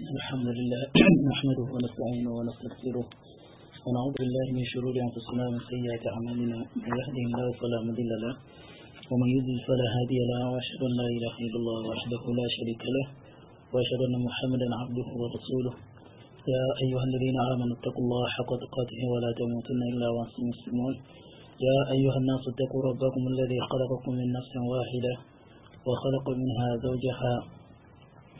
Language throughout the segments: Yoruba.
الحمد لله نحمده ونستعينه ونستغفره ونعوذ بالله من شرور انفسنا ومن سيئات اعمالنا من يهده الله فلا مضل له ومن يضلل فلا هادي له واشهد ان لا اله الا الله وحده لا شريك له واشهد ان محمدا عبده ورسوله يا ايها الذين امنوا اتقوا الله حق تقاته ولا تموتن الا وانتم مسلمون يا ايها الناس اتقوا ربكم الذي خلقكم من نفس واحده وخلق منها زوجها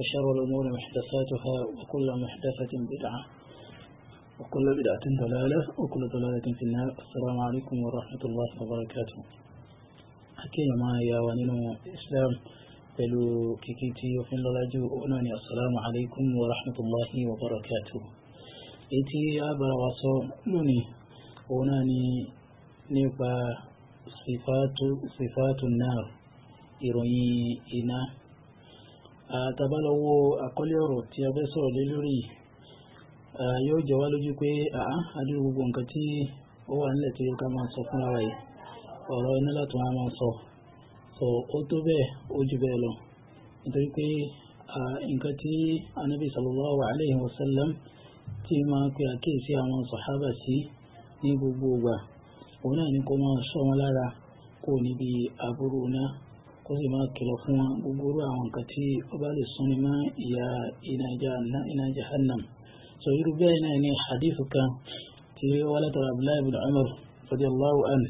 وشر الأمور محدثاتها وكل محدثة بدعة وكل بدعة ضلالة وكل ضلالة في النار السلام عليكم ورحمة الله وبركاته أكيد ما يا ونينو إسلام بلو كيكيتي وفي اللاجو أناني السلام عليكم ورحمة الله وبركاته إتي يا برواسو لوني أناني نبا صفات صفات النار إروي إنا ọ̀rọ̀ tí a fẹ́ sọ̀rọ̀ lé lórí yóò jẹ́ wá lójú pé àá gbogbo nǹkan tí ó wà nílẹ̀ tó yẹ ká máa sọ fúnra rẹ̀ ọ̀rọ̀ iná láti wọn máa sọ so ó tó bẹ́ẹ̀ ó jù bẹ́ẹ̀ lọ nítorí pé nǹkan tí anábì alaihi wasallam tí máa pe àkíyèsí àwọn sàhábà sí ní gbogbo ìgbà òun náà ni kó máa sọ wọn lára kó níbi ó sì máa kìlọ̀ fún wọn gbogbo orú àwọn nǹkan tí ó bá lè súnni mọ́ ìyá iná jahannam so irú bẹ́ẹ̀ náà ni hadithu kan tí ó wá látara abdullahi ibn umar radiyallahu an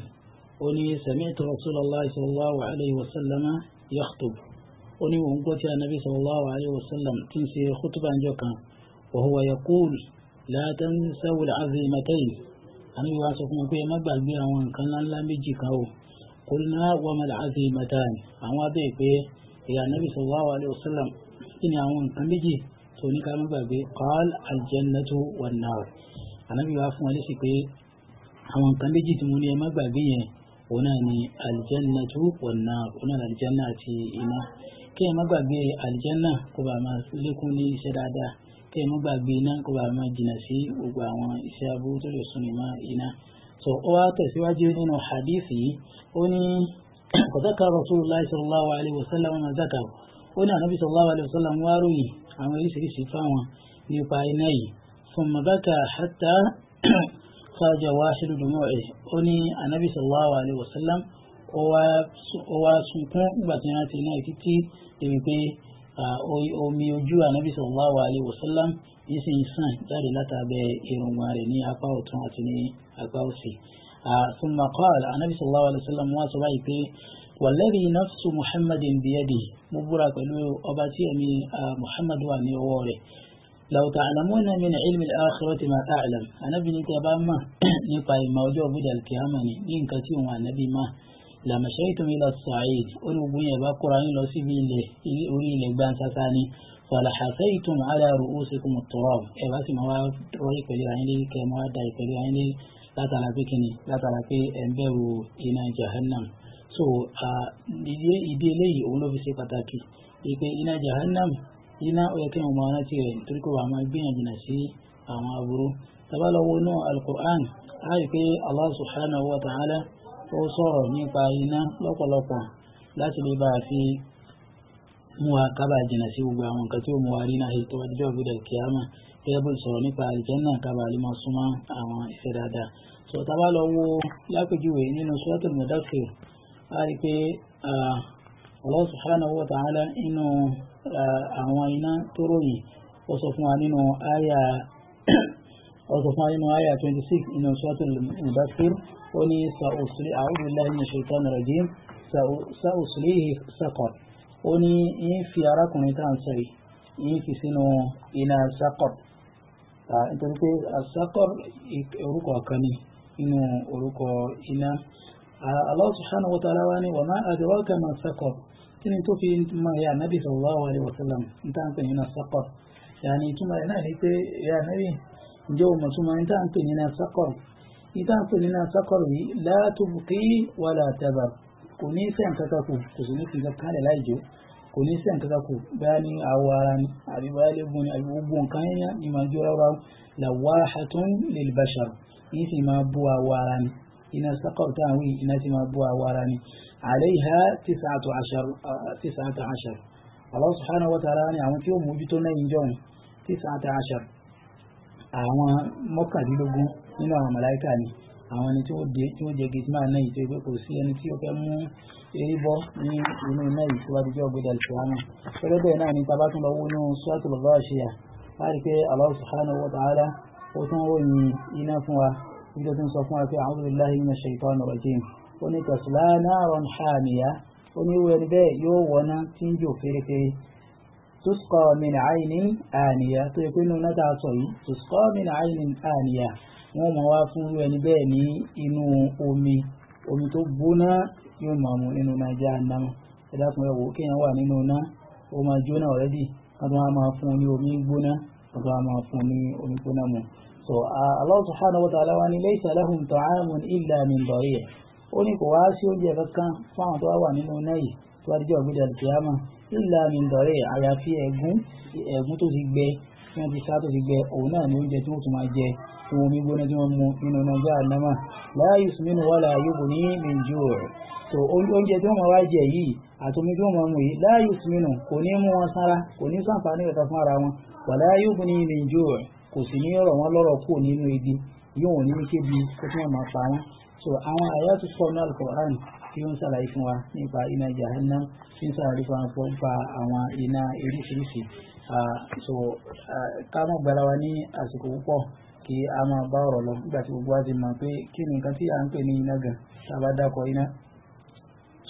ó ní sami'tu rasulallah sallallahu alayhi wa sallam yakhtub ó ní òun gbọ́ tí anabi sallallahu alayhi wa sallam tí ń ṣe khutuba njọ kan wa huwa yaqul la tansaw al-azimatayn anabi wa sọ fún mi pé má gbàgbé àwọn nǹkan ńláńlá méjì kan o kulna wa mal azimatan àwọn abẹ́ ìpè ìyá nabi sallallahu alayhi wa sallam kí ni àwọn nǹkan méjì tó ní ká má gbàgbé qal aljannatu wan nar anabi wa fún wa lẹ́sìn pé àwọn nǹkan méjì tí mo ní ẹ má gbàgbé yẹn òun náà ni aljannatu wan nar òun náà aljanna àti iná kí ẹ má gbàgbé aljanna kó bàa máa lékún ní iṣẹ́ dáadáa kí ẹ má gbàgbé iná kó bàa máa jìnnà sí gbogbo àwọn iṣẹ́ aburú tó lè sún ìmọ̀ iná so ó wá tẹ̀síwájú nínú hadithi ó ní kọ̀dákà rasulullah sallallahu alaihi wasallam wọn zaka ó ní ànábì sallallahu alaihi wasallam wá ròyìn àwọn oríṣiríṣi fáwọn nípa iná yìí fún mabaka hatta fàjà wá ṣílù dùmọ̀ ẹ̀ ó ní ànábì sallallahu alaihi wasallam ó wá sunkún nígbà tí wọ́n ti iná yìí títí èmi pé omi ojú ànábì sallallahu alaihi wasallam yìí sì ń sàn jáde látàbẹ̀ èròǹgbà rẹ̀ ní apá ọ̀tún àti ní أقاوسي ثم قال النبي صلى الله عليه وسلم واسوائك والذي نفس محمد بيده مبرك له أباتي أمي محمد وأمي ووري لو تعلمون من علم الآخرة ما أعلم أنا بني تباما نقاي موجود بدا الكيامة نين كثير النبي ما لما شئتم إلى الصعيد أربون يبا قرآن لو سبي إليه أولي إليه بان ساساني فلحفيتم على رؤوسكم التراب إباسي مواد رويك لي كمواد دايك لي látara pé kíni látara pé ẹ̀ ń bẹ̀rù iná jahannam so ìdí eléyìí òun ló fi ṣe pàtàkì pé iná jahannam iná ó yẹ kí wọn máa rántí rẹ̀ nítorí pé wàá máa gbìyànjú náà sí àwọn aburú tabalọ́wọ́ náà alukur'an a pé allah subhanahu wa ta'ala ó sọ̀rọ̀ nípa iná lọ́pọ̀lọpọ̀ láti lè bá a fi mú wa kábàjìnà sí gbogbo àwọn nǹkan tí ó mú wa rí náà èyí tó bá dé gẹ́gẹ́ bó ti sọ̀rọ̀ nípa àlìjẹ́nà kábàá lè máa súnmọ́ àwọn iṣẹ́ dáadáa so tábà lọ wo lápèjúwe nínú suratul mudaththir a rí i pé Allah subhanahu wa ta'ala nínú àwọn iná tó ròyìn ó sọ fún wa nínú àyà ó sọ fún wa nínú àyà twenty six nínú suratul mudaththir ó ní sàùsùlì a'udhu billahi minash shaitanir rajim sàùsùlìhì saqar ó fi sínú iná saqar. Ah, nítorí pé asakor orúkọ kan ni nínú orúkọ iná ah, Allah subhanahu wa ta'ala wa ni wa ma adraka ma sakor kí ni tó fi máa yà nábì sallallahu alaihi wa sallam n tá n pè ní asakor yàní ìtumọ̀ rẹ̀ náà ni pé yà nábì ǹjẹ́ o mọ̀ súnmọ́ n tá n pè ní asakor n tá pè ní asakor yìí la tubqi wala tabar kò ní sẹ́ǹkà kakù kò sì ní kankan lẹ̀ láì kò ní sẹ́ǹ kankan kù báyà ní awọ ara ni àbí báyà lẹ́gbọ̀n ni àbí gbogbo nǹkan yẹn ni màá jọra wa lawahatun lilbashar yìí sì máa bú awọ ara ni iná sakọ̀ táwọn yìí iná sì máa bú awọ ara ni àlẹ́yìhá tis'atu ashar Allah subhanahu wa ta'ala ni àwọn tí ó mójútó náà yìí jọ ni tis'atu ashar àwọn mọ́kàndínlógún nínú àwọn màláìkà ni àwọn ẹni tí ó jẹ gẹ̀ẹ́sì máa náà yìí tó yẹ kò sí ẹni tí ó fẹ́ mú eré bọ́ ní inú iná yìí tó bá di jọ́ gbẹdẹ alìsílámù gẹ́gẹ́ bẹ́ẹ̀ náà ni tá bá tún lọ wó inú suratul Ghashiya láti pé Allah subhanahu wa ta'ala ó tún ròyìn iná fún wa ibi tó tún sọ fún wa pé a'udhu billahi minash shaitanir rajim ó ní tasla naran hamiya ó ní ìwé bẹ́ẹ̀ yóò wọná tí ń jò fèrèfèrè tusqa min aynin aniya tó yẹ pé inú náà tá yìí tusqa min aynin aniya wọ́n mọ̀ wá fún ẹni bẹ́ẹ̀ ní inú omi omi tó gbóná yóò máa mu nínú náà jẹ́ àdámà ẹ̀dá kan ẹ̀wò kéèyàn wà nínú náà ó máa jóná ọ̀rẹ́dì kátó wá máa fún un ní omi gbóná kátó wá máa fún ní omi gbóná mu. so Allah subhanahu wa ta'ala wa ni laysa lahum ta'amun illa min dari' ó ní kò wá sí oúnjẹ kankan fún àwọn tó wá wà nínú náà yìí tó wá dijọ́ ògbé dàdìyàmà illa min dari' àyàfi ẹ̀gún ẹ̀gún tó ti gbẹ tí wọ́n ti sá tó ti gbẹ òun náà ní oúnjẹ tí wọ́n tún máa jẹ fún omi gbóná tí wọ́n mu nínú náà jẹ́ àdámà la yusminu wala yughni min ju' so oúnjẹ tí wọ́n máa wá jẹ yìí àtomi tí wọ́n máa mú yìí láàyò sínú kò ní mú wọn sára kò ní sàǹfààní kankan fún ara wọn wàlá yóò bu ní ilé ìjó kò sì ní ọ̀rọ̀ wọn lọ́rọ̀ kù nínú ibi yóò wọ́n ní kébi kó tí wọ́n máa pa wọn so àwọn àyà tó sọ náà Al-Qur'an tí ó ṣàlàyé fún wa nípa iná jahannam tí ń ṣàlàyé fún wa nípa àwọn iná eríṣiríṣi so ká mọ̀ gbára wa ní àsìkò púpọ̀ kí a máa bá ọ̀rọ̀ lọ nígbà tí gbogbo wa ti mọ̀ pé kí ni nǹkan tí à ń pè ní iná gan tá a bá dákọ̀ iná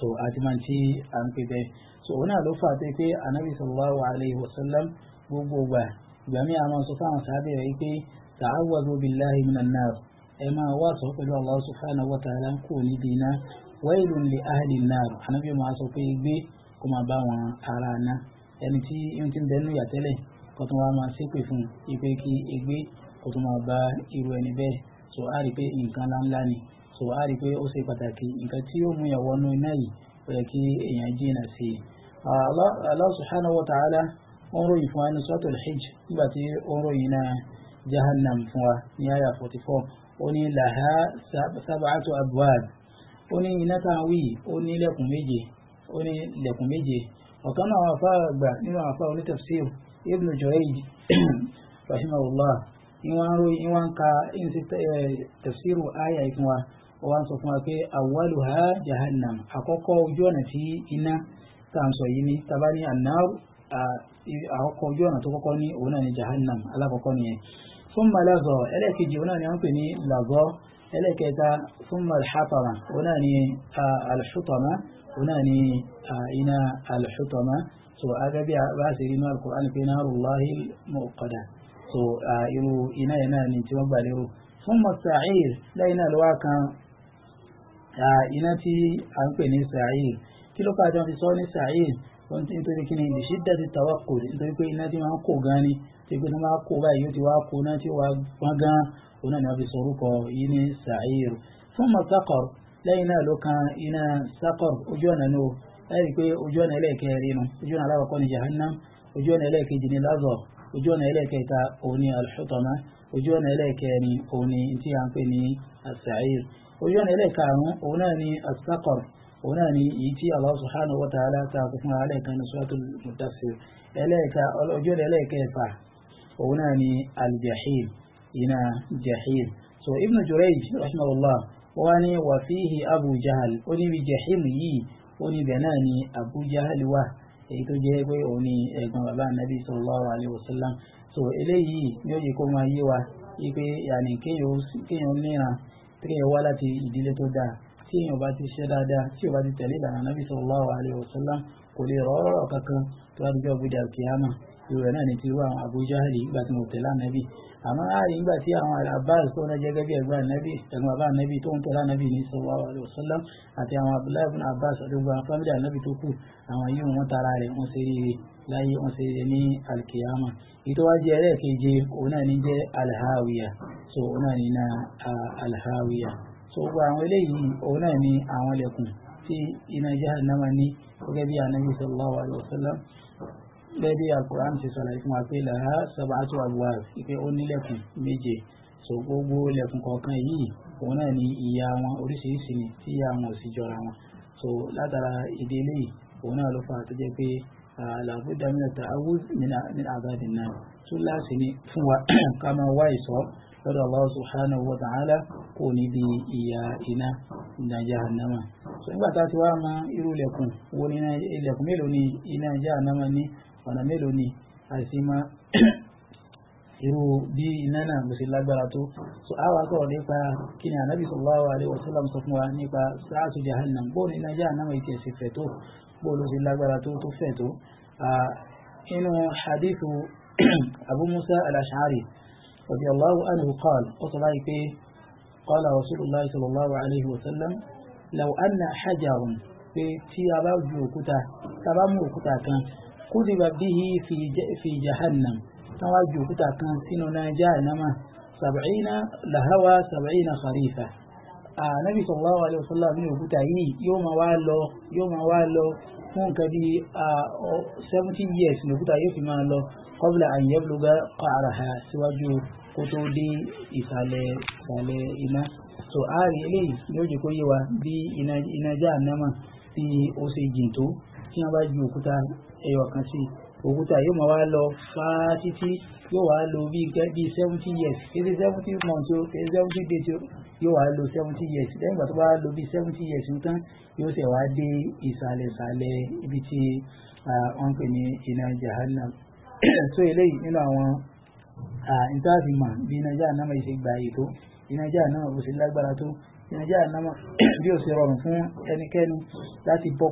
so àdìmọ̀tì à ń pè bẹ́ẹ̀ so òun náà ló fà pé pé anabi sallallahu alayhi wa sallam gbogbo gbà ìgbà mi àwọn sọ fáwọn sábẹ́ rẹ̀ pé ta'awwadu billahi minan nar ẹ máa wá sọ pẹ̀lú Allah subhanahu wa ta'ala ń kò ní dina wailun li ahli an-nar anabi máa sọ pé gbé kó máa bá wọn ara ná ẹni tí ń ti bẹnu yàtẹ́lẹ̀ kó tó máa ṣépè fún ipe kí egbé kó tó máa bá irú ẹni bẹ́ẹ̀ so a rí pé nǹkan láńlá ni so a rí i pé ó ṣe pàtàkì nǹkan tí ó mú yàn wọnú iná yìí ó yẹ kí èèyàn jìnnà sí i. Allah subhanahu wa ta'ala ó ń ròyìn fún nígbà tí ó ń ròyìn náà jahannam fún wa ní àyà 44 ó ní laha sab'atu abwab ó ní iná táwọn ó ní lẹ́kùn méje ó ní lẹ́kùn méje ọ̀kan náà wà nínú àwọn Ibn Jurayj rahimahullah ka eh, tafsiru wa ó wá ń sọ fún wa pé awwaluha jahannam àkọ́kọ́ ojú ọ̀nà tí iná tá à ń sọ yìí ní tábà ní annar àkọ́kọ́ ojú ọ̀nà tó kọ́kọ́ ní òun náà ní jahannam alákọ̀ọ́kọ́ nìyẹn thumma lazọ ẹlẹ́ẹ̀kejì òun náà ni wọ́n pè ní lazọ ẹlẹ́ẹ̀kẹta thumma alḥatama òun náà ní alḥutama òun náà ní iná alḥutama so agabi bá a ṣe rí inú alukur'an pé narullahi muqada so irú iná yẹn náà ni tí wọ́n gbà lérò thumma sa'ir iná tí a ń pè ní sa'ir kí ló káàtó fi sọ ní sa'ir wọ́n ti nítorí kí ni lè ṣe dàtí tawakò nítorí pé iná tí wọ́n kó gan ni tí pé wọ́n kó báyìí yóò ti wá kó náà tí wọ́n gan òun náà ni wọ́n fi sọ̀rúkọ yìí ní sa'ir fún masakor lẹ́yìn náà ló kan iná sakor ojú ọ̀nà ní o láì pé ojú ọ̀nà ẹlẹ́ẹ̀kẹrin nu ojú ọ̀nà alákọ̀ọ́kọ́ ni jahannam ojú ọ̀nà ẹlẹ́ẹ̀kejì ni lazor ojú ọ̀nà ẹlẹ́ẹ̀kẹta òun ni alhutama ojú ọ̀nà ẹlẹ́ẹ̀kẹrin òun ni tí a ń pè ní as ojú ọ̀nà ẹlẹ́ẹ̀karùn-ún òun náà ni asakor òun náà ni èyí tí Allah subhanahu wa ta'ala ta kó fún alẹ́ kan ní suratul mudaththir ẹlẹ́ẹ̀ka ojú ọ̀nà ẹlẹ́ẹ̀kẹfà òun náà ni aljahil iná jahil so ibn jurayj rahimahullah wọ́n ní wà fíhì abu jahal ó níbi jahil yìí ó níbẹ̀ náà ni abu wà èyí tó jẹ́ pé òun ni ẹ̀gbọ́n bàbá nàbí sallallahu alayhi wa sallam so eléyìí ni ó yẹ kó máa yé wa wípé yàní kéèyàn níran tí èèyàn wá láti ìdílé tó dáa tí èèyàn bá ti ṣe dáadáa tí ò bá ti tẹ̀lé ìlànà nàbì sallallahu alaihi wasallam kò lè rọ́ọ̀rọ̀ kankan tó bá ti jẹ́ dàrú kìámà irú ẹ̀ náà ni tirú àwọn Abu Jahali nígbà tí mo tẹ̀lé ànábì àmọ́ láàrin nígbà tí àwọn Abbas tó ń jẹ́ gẹ́gẹ́ ẹ̀gbọ́n ànábì ẹ̀gbọ́n bàbá ànábì tó ń tẹ̀lé ànábì ní sallallahu alaihi wasallam àti àwọn Abdullahi ibn Abbas ọdúngbà fámílì ànábì tó kù àwọn yìí wọn tara rẹ̀ wọn ṣe rí láyé wọn ṣe rí ní alkiyama ìtọ́wájú ẹlẹ́ẹ̀keje òun náà ní jẹ́ alhawiya so òun náà ní na alhawiya so gbogbo àwọn eléyìí òun náà ní àwọn lẹ́kùn tí iná jahannama ní gẹ́gẹ́ bí ànábì sallallahu alaihi wasallam lẹ́bí alkùránì ti sọ̀rọ̀ fún wa pé làá sab'atu abwab wípé ó nílẹ̀kùn méje so gbogbo lẹ̀kùn kọ̀ọ̀kan yìí òun náà ni ìyá wọn oríṣiríṣi ni tí ìyá wọn ò sì jọra wọn so látara ìdílé yìí òun náà ló fà tó jẹ́ pé làbúdà min at-ta'awudh min láti ní fún wa ká máa wá ìsọ́ lọ́dọ̀ Allah subhanahu wa ta'ala kò ní bí ìyá iná so nígbà tá a ti wá irú wo ní ilẹ̀kùn mélòó ni iná ní ọ̀nà mélòó ni àìsí máa irú bí iná náà ló ṣe lágbára tó so a wá sọ̀rọ̀ nípa kí ni ànábì sallallahu alaihi wasallam sọ fún wa nípa sáàtù jahannam bó ní iná jahannam ìtì ẹ̀sìn fẹ̀ tó bó ló ṣe lágbára tó tó fẹ̀ tó inú hadithu abu musa al-ash'ari radiyallahu anhu qala ó sọ báyìí pé qala rasulullah sallallahu alaihi wasallam law anna hajarun pé tí a bá ju òkúta tá bá mú òkúta kan kúdìbà bíhi fi jahannam tán wá ju òkúta kan sínú náà jahannama sàbàcínà làháwá sàbàcínà kharifa anabi sallallahu alayhi wa sallam ní òkúta yìí yóò máa wá lọ yóò máa wá lọ fún nǹkan bí seventy years ní òkúta yóò fi máa lọ qabla an yabluga qa'raha síwájú kó tó dé ìsàlẹ̀ ìsàlẹ̀ iná so ààrẹ eléyìí yóò jẹ́ kó yé wa bí iná jahannama tí ó ṣe jìn tó tí wọ́n bá ju òkúta ẹyọ kan sí òkúta yóò máa wá lọ fáá títí yóò wá lo bíi bíi seventy years kéde seventy months o kéde seventy days o yóò wá lo seventy years lẹ́yìn ìgbà tó bá lo bíi seventy years nǹkan yóò ṣe wá dé ìsàlẹ̀sàlẹ̀ ibi tí wọ́n ń pè ní iná jahannam so eléyìí nínú àwọn ìtàfimọ̀ bí iná jahannam yìí ṣe gba ètò iná jahannam bó ṣe lágbára tó iná jahannam bí ó ṣe rọrùn fún ẹnikẹ́ni láti bọ́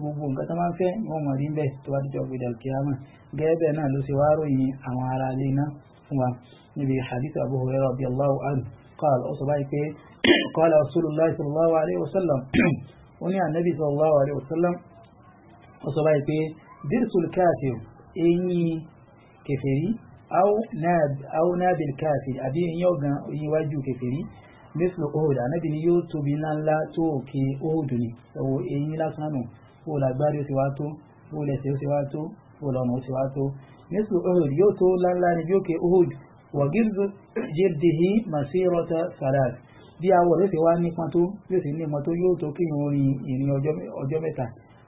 tí gbogbo nǹkan tó máa ń fẹ́ wọ́n mọ̀ rí ń bẹ̀ tó bá dijọ́ gbèdé alkiyama gẹ́gẹ́ bẹ́ẹ̀ náà ló ṣe wá ròyìn àwọn ará ilé iná fún wa níbi hadith abu hurairah radiyallahu anhu قال أصبعك قال رسول الله صلى الله عليه وسلم وني النبي صلى الله عليه وسلم أصبعك درس الكافر إني كفري أو ناب أو ناب الكافر أبي إن يوغن يواجه كفري مثل أهود النبي يوتو بنا لا توكي أهودني أو إني لا سنانو bó lágbárí ó ti wá tó bó lẹ́sẹ̀ ó ti wá tó bó lọ́nà ó ti wá tó nísù ọ̀rọ̀ yóò tó láńlá ní bí ó ké Uhud wọ̀gíńdù jẹ́dìhí màsírọ́tà salat bí awọ rẹ̀ ti wá nípa tó bí ó ti nípa tó yóò tó kíyàn orin ìrìn ọjọ́ mẹ́ta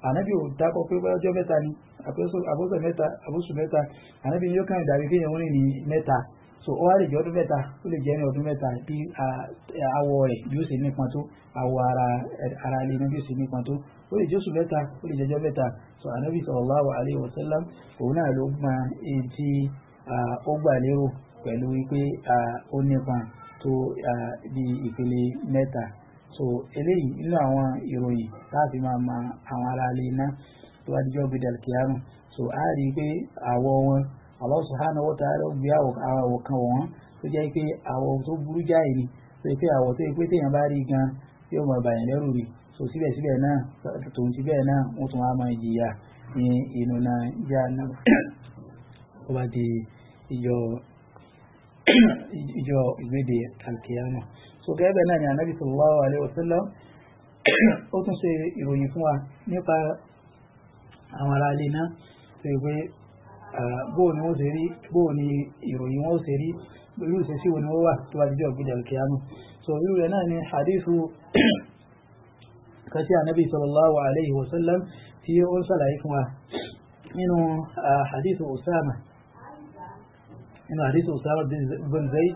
ànábì ò dákọ̀ pé ọjọ́ mẹ́ta ni àbọ̀sọ̀ mẹ́ta àbọ̀sọ̀ mẹ́ta ànábì yóò kàn dàbí kíyàn orin ní mẹ́ta so ó wá lè jẹ́ ọdún mẹ́ta ó lè jẹ́ ní ọdún mẹ́ta bí awọ rẹ̀ yóò ṣe nípa tó awọ ara ilé náà yóò ṣe nípa tó ó lè jésù mẹ́ta ó lè jẹjọ mẹ́ta so anabi sallallahu alayhi wa sallam òun náà ló mọ èyí tí ó gbà lérò pẹ̀lú wípé ó nípa tó di ìpele mẹ́ta so eléyìí nínú àwọn ìròyìn láti máa ma àwọn ará ilé iná tó bá dijọ́ gbèdé alkiyamu so a rí i pé àwọ̀ wọn Allah subhanahu wa ta'ala gbé àwọ̀ kan wọ̀n tó jẹ́ pé àwọ̀ tó burú jáì ni pé àwọ̀ tó yẹ pé téèyàn bá rí gan yóò máa bàyàn lẹ́rù rí so síbẹ̀síbẹ̀ náà tòun ti bẹ́ẹ̀ náà wọ́n tún wá máa jìyà ní inú náà já náà ó bá di ìjọ ìjọ ìgbéde alkiyama so gẹ́gẹ́ náà ni anabi sallallahu alaihi wasallam ó tún ṣe ìròyìn fún wa nípa àwọn ará ilé náà tó yẹ pé bóò ni wọ́n ṣe rí bóò ni ìròyìn wọ́n ṣe rí irú ìṣesí wo ni wọ́n wà tó bá jíjọ ìgbéde alkiyama so irú rẹ̀ náà ni hadithu nǹkan tí anabi sallallahu alayhi wa sallam tí ó ń sàlàyé fún wa nínú hadith usama nínú hadith usama bin zayd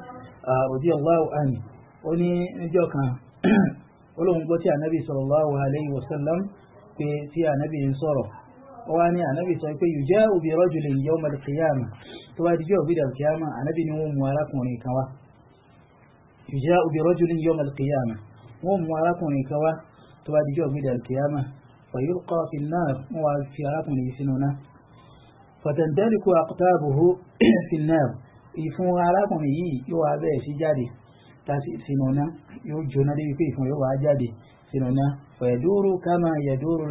radiyallahu anhu ó ní níjọ́ kan olóhùn gbọ́ tí anabi sallallahu alayhi wa sallam pé tí anabi ń sọ̀rọ̀ wa ni anabi sọ pé yuja'u bi rajulin yawm al-qiyamah tó bá di jọ́ bi da qiyamah anabi ni wọ́n mú arákùnrin kan wá yuja'u bi rajulin yawm al-qiyamah wọ́n mú arákùnrin kan wá tó bá dijọ́ gbé dàlkìyàmà fàyọ̀ kọ́ọ̀fì náà wọ́n wá fi arákùnrin yìí sínú náà fàtẹ̀ntẹ́lìkù àkútàbùhù fi náà ìfun arákùnrin yìí yóò wá bẹ́ẹ̀ sí jáde tàbí sínú náà yóò jóná débi pé ìfun yóò wá jáde sínú náà fàyẹ̀dúró kama yẹ̀dúró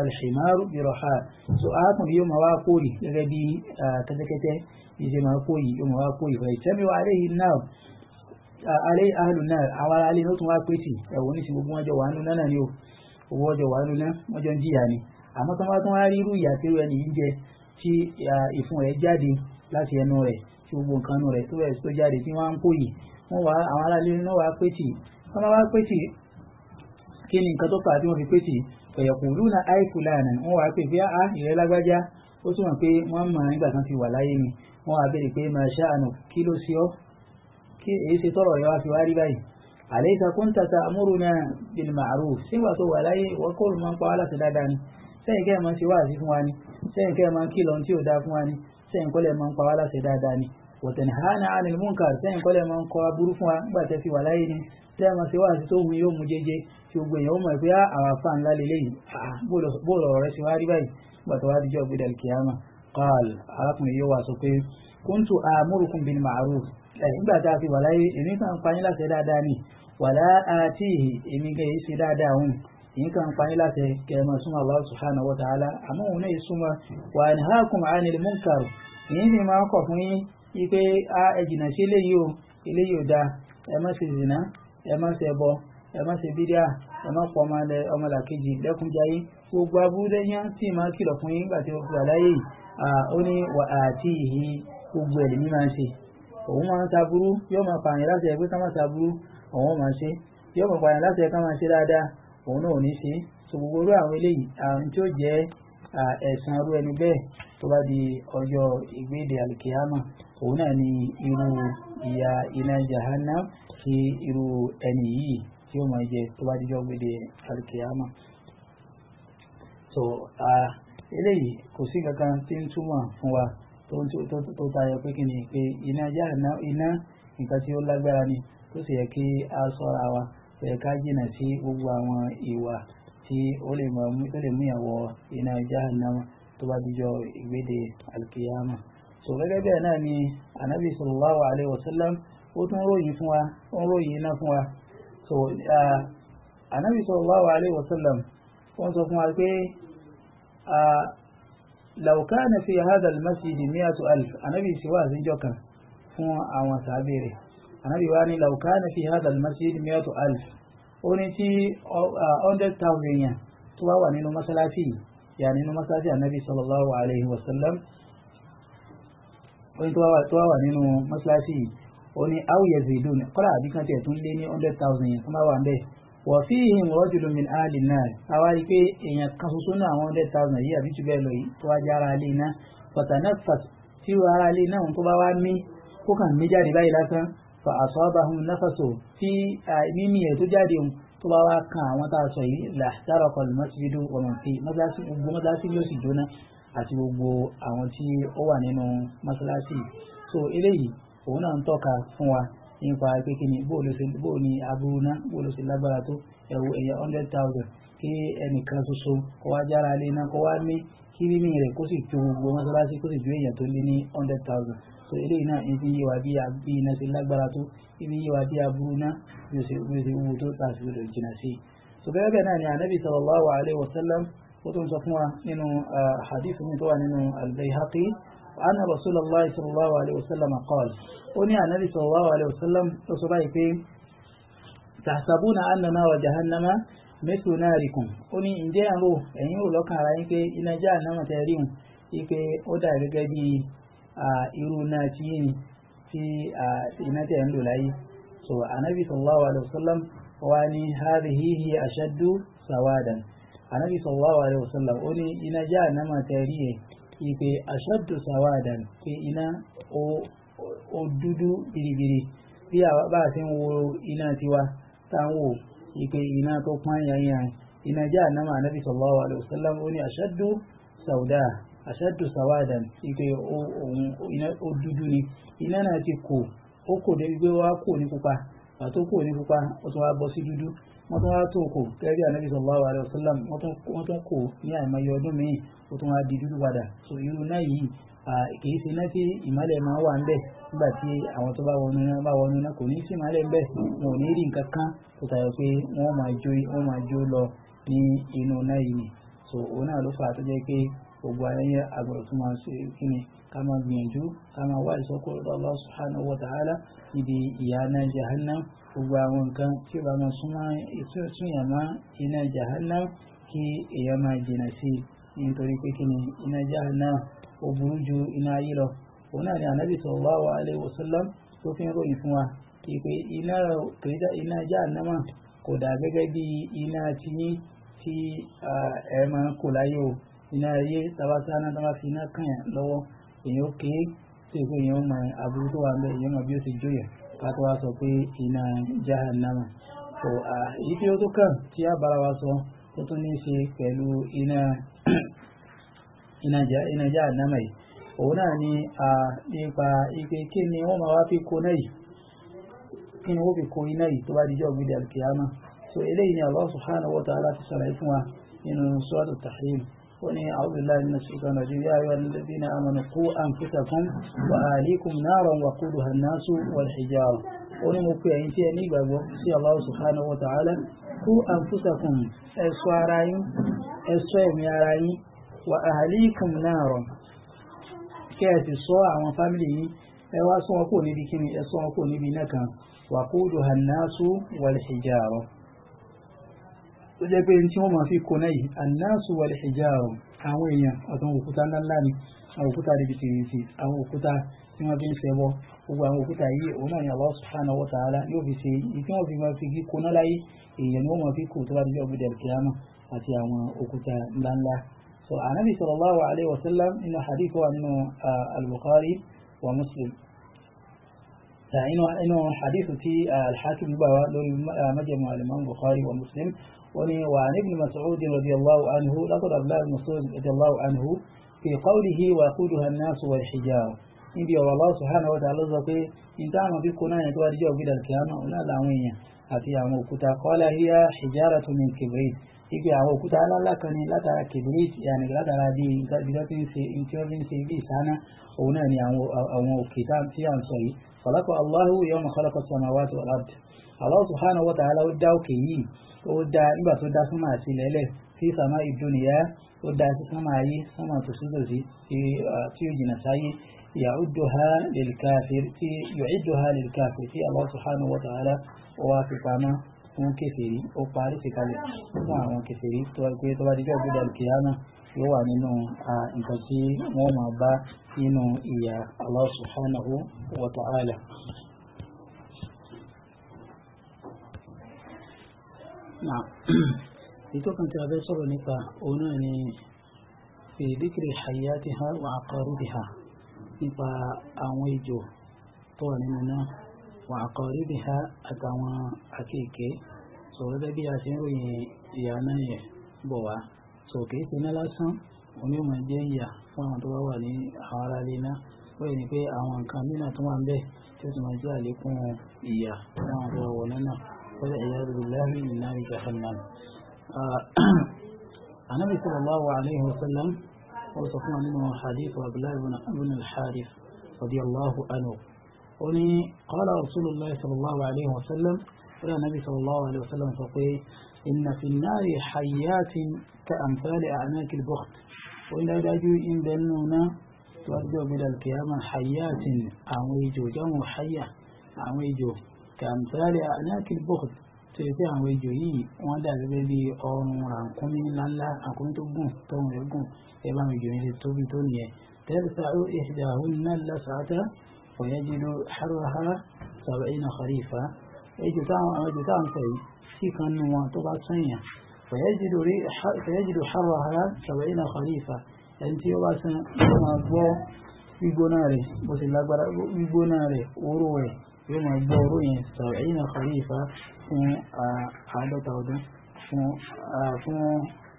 alhimaru biroha so arákùnrin yóò máa wá kórì gẹ́gẹ́ bí kẹ́tẹ́kẹ́tẹ́ ìṣe máa kórì yóò máa wá kórì fàyẹ̀tẹ́mi wà alẹ́ ahlu náà àwọn alẹ́ ló tún wá pé tì ẹ̀wọ̀n ní ti gbogbo wọn wà nù náà ni o owó ọjọ́ wà nù náà wọ́n jọ ń jìyà ni àmọ́ tán wá tán wá rí irú ìyà tí ẹni yìí ń jẹ tí ìfun rẹ̀ jáde láti ẹnu rẹ̀ tí gbogbo nǹkan nù rẹ̀ tó rẹ̀ tó jáde tí wọ́n á ń kó yìí wọ́n wá àwọn alẹ́ náà wá pé tì wọ́n bá wá pé tì kí ni nǹkan tó fà tí wọ́n fi pé tì ẹ̀yọ̀kùn lúna kí èyí ṣe tọrọ yẹn wá fi wá rí báyìí àlẹ́ka kúńtà ta amúrúnà bil ma'ruf sígbà tó wà láyé wọ́n máa ń pa wá dáadáa ni sẹ́yìn kẹ́ máa ń ṣe wáàsí fún wa ni sẹ́yìn kẹ́ máa ń kìlọ̀ tí ò dáa fún wa ni sẹ́yìn kọ́lẹ̀ máa ń pa wá dáadáa ni wọ̀tẹ̀ni hánà anil munkar sẹ́yìn kọ́lẹ̀ máa ń kọ́ aburú fún wa nígbà tẹ́ fi wà láyé ni tẹ́ máa ṣe wáàsí tó hun yóò ah, ah, mu nígbà tá a fi wà láyé èmi kàn ń payín láṣẹ dáadáa ni wàlá àti èmi kẹ́ ẹ̀ ṣe dáadáa òun èmi kàn ń payín láṣẹ kẹ́ súnmọ́ Allah subhanahu wa ta'ala àmọ́ òun náà súnmọ́ wa anhaakum 'anil munkar èyí ni máa ń kọ̀ fún yín ipe a ẹ̀jìnà sí eléyìí o eléyìí ò dáa ẹ má ṣe zìnà ẹ má ṣe bọ ẹ má ṣe bídíà ẹ má pọ ọmọlàkejì lẹ́kúnjayé gbogbo abúdéyàn tí máa kìlọ̀ fún yín nígbà ó fi wà láyé ní wà á tí ì gbogbo ẹ̀ ní máa ń ṣe òun máa ń saburú yóò máa pààyàn láti ẹgbẹ́ ká máa saburú òun máa ṣe yóò máa pààyàn láti ẹ̀ká máa ṣe dáadáa òun náà ò ní ṣe so àwọn eléyìí àwọn tí ó ẹni bẹ́ẹ̀ tó bá di ọjọ́ ìgbéde alikiyama òun náà ni irú iná irú ẹni yìí tí ó máa jẹ tó bá so eléyìí kò sí kankan tí ń túmọ̀ wa. tó tayọ pé kí ni pé iná jáàná iná nǹkan tí ó lágbára ni tó sì yẹ kí a sọ́ra wa tó yẹ ká jìnà sí gbogbo àwọn ìwà tí ó lè mú ìyàwó iná jáàná tó bá dijọ́ ìgbéde alkiyama so gẹ́gẹ́ bẹ́ẹ̀ náà ni anabi sallallahu alayhi wa sallam ó tún ròyìn fún wa ó ń ròyìn iná fún wa so anabi sallallahu alayhi wa sallam wọ́n sọ fún wa pé law kana fi hadha al-masjid mi'atu alf anábì sí wà síjọ́ kan fún àwọn sàábì rẹ̀ anábì wá ní law kana fi hadha al-masjid mi'atu alf ó ní tí hundred thousand èèyàn tó wá wà nínú mọ́sálásí yà nínú mọ́sálásí anábì sallallahu alayhi wa sallam ó ní tó wá wà nínú mọ́sálásí ó ní aw yazidun kọ́lá àbíkan tiẹ̀ tún lé ní hundred thousand yẹn tó má wà ń bẹ́ẹ̀ wọ̀fíhìn rọ́jùlù min áàlì náà àwa rí i pé èèyàn kan ṣoṣo náà àwọn hundred thousand yìí àbí jù bẹ́ẹ̀ lọ yìí tó wá jẹ́ ara ilé iná fatanafas tí ó ara ilé náà tó bá wá mí kó kàn mí jáde báyìí lásán fa asabahum nafaso tí mímí ẹ̀ tó jáde òun tó bá wá kan àwọn tá a sọ yìí là dára kọlù mọ́sídìdú ọmọ fi mọ́sálásí gbogbo mọ́sálásí yóò sì jóná àti gbogbo àwọn tí ó wà nínú mọ́sálásí so eléyìí òun náà ń tọ́ka fún wa nípa pé kí ni bó ni aburú náà bó ló ṣe lágbára tó ẹ̀wọ̀ èèyàn hundred thousand kí ẹnìkan ṣoṣo kó wá jára lé náà kó wá mí kí mímí rẹ̀ kó sì ju gbogbo mọ́sálásí kó sì ju èèyàn tó lé ní hundred thousand so eléyìí náà ibi yé wa bí iná ṣe lágbára tó ibi yé wa bí aburú náà bí ó ṣe wúwo tó tà sí lọ jìnnà sí i. so bẹ́ẹ̀ náà ni anabi sallallahu alayhi wa sallam ó tún sọ fún wa nínú ah, hadith mi tó wà nínú al وأن رسول الله صلى الله عليه وسلم قال أني النبي صلى الله عليه وسلم تصبحي تحسبون أن نار جهنم مثل ناركم أني إن جاء روح أن يولوك على إنك إن جاء نما تاريهم إنك أدى لقدي إرونا تيني في إنك أنه لأي سو النبي صلى الله عليه وسلم وأني هذه هي أشد سوادا النبي صلى الله عليه وسلم أني إن جاء نما تاريهم ìpè aṣaddu sawadan pé iná ó dúdú biribiri bí bá a ti ń wo iná tiwa táwọn ìpè iná tó pọ́n yanyan iná jẹ́ ànámà anábì sallallahu alaihi wasallam ó ní aṣaddu sawda aṣaddu sawadan ìpè ó dúdú ni iná náà ti kò ó kò débi pé wá kò ní pupa pàtó kò ní pupa ó tún wá bọ́ sí dúdú wọ́n tún wá tó kò gẹ́gẹ́ bí anábì sallallahu alaihi wọ́n tún kò ní àìmọye ọdún míì ó tún wá di dúdú padà so irú náà yìí kìí ṣe náà tí ìmọ́lẹ̀ máa wà ńbẹ̀ nígbà tí àwọn tó bá wọnú náà bá wọnú náà kò ní sí ìmọ́lẹ̀ ńbẹ̀ wọn ò ní rí nǹkan kan tó tayọ pé wọ́n máa jó wọ́n máa jó lọ ní inú náà yìí ni so òun náà ló fà á tó jẹ́ pé gbogbo ayẹyẹ agbọ̀rọ̀ tó máa ṣe kí ni ká máa gbìyànjú ká máa wá ìsọkúrò lọ́lọ́ subhanahu wa ta'ala níbi ìyà náà jahannam gbogbo àwọn nǹkan tí ó bá máa súnmọ́ ìtúnyàmọ́ iná jahannam kí èèyàn máa jìnà sí i nítorí pé kí ni iná jahannam ó burú ju iná ayé lọ òun náà ni ànábì sallallahu alaihi wasallam tó fi ń ròyìn fún wa kì í pé iná jahannam kò dà gẹ́gẹ́ bí iná tiyín tí ẹ máa ń kó láyé o iná ayé tabasáná tó bá fi iná kàn yàn lọ́wọ́ èèyàn ké tó ìpé èèyàn mọ aburú tó wà ń bẹ èèyàn mọ bí ó ti jóyà ká tó wá sọ pé iná jahannam so èyí tí ó tó kàn tí a bára wa sọ tó tó ní ṣe pẹ̀lú iná iná já ànámà yìí òun náà ni a nípa ipe kí ni wọ́n máa wá fi kó náà yìí kí ni wọ́n fi kó iná yìí tó bá dijọ́ gbídẹ̀ alkiyama so eléyìí ni Allah subhanahu wa ta'ala fi sọ̀rọ̀ fún wa nínú suratul tahrim ó ní a'udhu billahi minash shaitanir rajim ya ayyuhalladhina amanu qu anfusakum wa ahlikum naran waquduha an-nasu wal hijara ó ní mo pe ẹ̀yin tí ẹ ní ìgbàgbọ́ sí Allah subhanahu wa ta'ala ku anfusakum ẹ̀sọ́ ara yín ẹ̀sọ́ ẹ̀mí ara yín wa ahlikum naran kí ẹ sì ṣọ́ àwọn fámìlì yín ẹ wá ṣọ́ wọn kò níbi kíni ẹ ṣọ́ wọn kò níbi iná kan waquduha an-nasu wal hijara ó jẹ́ pé tí wọ́n máa fi yìí wal àwọn èèyàn àtàwọn òkúta ńláńlá ni àwọn òkúta níbi tìrìtì àwọn òkúta tí wọ́n fi ń ṣẹbọ gbogbo àwọn òkúta yìí òun náà ni yóò fi ṣe ìtí wọ́n fi máa fi kóná láyé إن يوم فيك وتبعد يوم بدأ الكلامة أتي يوم أكتا مبان الله سو النبي صلى الله عليه وسلم إنه حديثه عن البخاري ومسلم إنه إنه حديث في الحاكم بابا مجمع الإمام البخاري ومسلم وعن ابن مسعود رضي الله عنه لقد أبلاء المسعود رضي الله عنه في قوله ويقودها الناس والحجارة إن الله سبحانه وتعالى ذكر إن تعمل بكنا يتواجه بلا الكلام ولا àti àwọn òkúta kọ́lá híyá ṣèjára tó ní kìbìrì ipe àwọn òkúta aláńlá kan ní látara kìbìrì yàní látara bí ìtọ́jú ṣe bí ìsáná òun náà ni àwọn òkè tí à ń sọ yìí kọ̀lákọ̀ aláhu yawma khalaqa samawati wal ard Allah subhanahu wa ta'ala ó dá òkè yìí ó dá nígbà tó dá sánmà àti ilẹ̀lẹ̀ sí sàmá ìdúnìyá ó dá sí ó wá fi pamọ́ fún kèfèrí ó parí ìsìkalẹ̀ fún àwọn kèfèrí tó wá pé tó bá dijọ́ gbé dàlùkì yá náà yóò wà nínú nǹkan tí wọ́n máa bá nínú ìyà Allah subhanahu wa ta'ala. ìtọ́kàn tí a fẹ́ sọ̀rọ̀ nípa òun náà ni fi dhikri hayatiha wa aqaribiha nípa àwọn ìjọ tó wà nínú náà wà á kọ́ ríbi ha àtàwọn akéèké so gẹ́gẹ́ bí a ṣe ń ròyìn ìyá náà yẹn bọ̀ wá so kìí ṣe iná lásán omi ò mọ̀ jẹ́ ìyà fún àwọn tó wà ní àwọn ará ilé náà bẹ́ẹ̀ ni pé àwọn nǹkan mìíràn tó wà ń bẹ̀ tí sì máa jẹ́ àlékún ìyà fún àwọn tó wọ̀ náà wọ́n ìyá rẹ̀ lẹ́rìn iná ìjà hannan. Ànábì sallallahu alayhi wa sallam ó sọ fún wa nínú وني قال رسول الله صلى الله عليه وسلم قال النبي صلى الله عليه وسلم فقيه إن في النار حيات كأمثال أعناك البخت وإلى داجو إن بلنا تؤدوا من القيامة حيات أعويجو جمع حية أعويجو كأمثال أعناك البخت tẹ̀lé àwọn ejò yìí wọ́n dàbí bẹ́ẹ̀ bí ọrùn rànkúnmí ńláńlá àkúnmí tó gùn tọ́hún rẹ̀ gùn ẹ bá àwọn ejò yẹn tóbi tó nìyẹn tẹ́lẹ̀ sáà ìṣẹ̀dá àwọn iná lásàátà ويجد حرها سبعين خريفة يجد تام يجد تام سي سكان وطبع سينيا فيجد ريح فيجد حرها سبعين خريفة أنت وباس ما بو يبوناري بس لا برا يبوناري وروي يوم يبوروي سبعين خريفة سن عادة تودن سن سن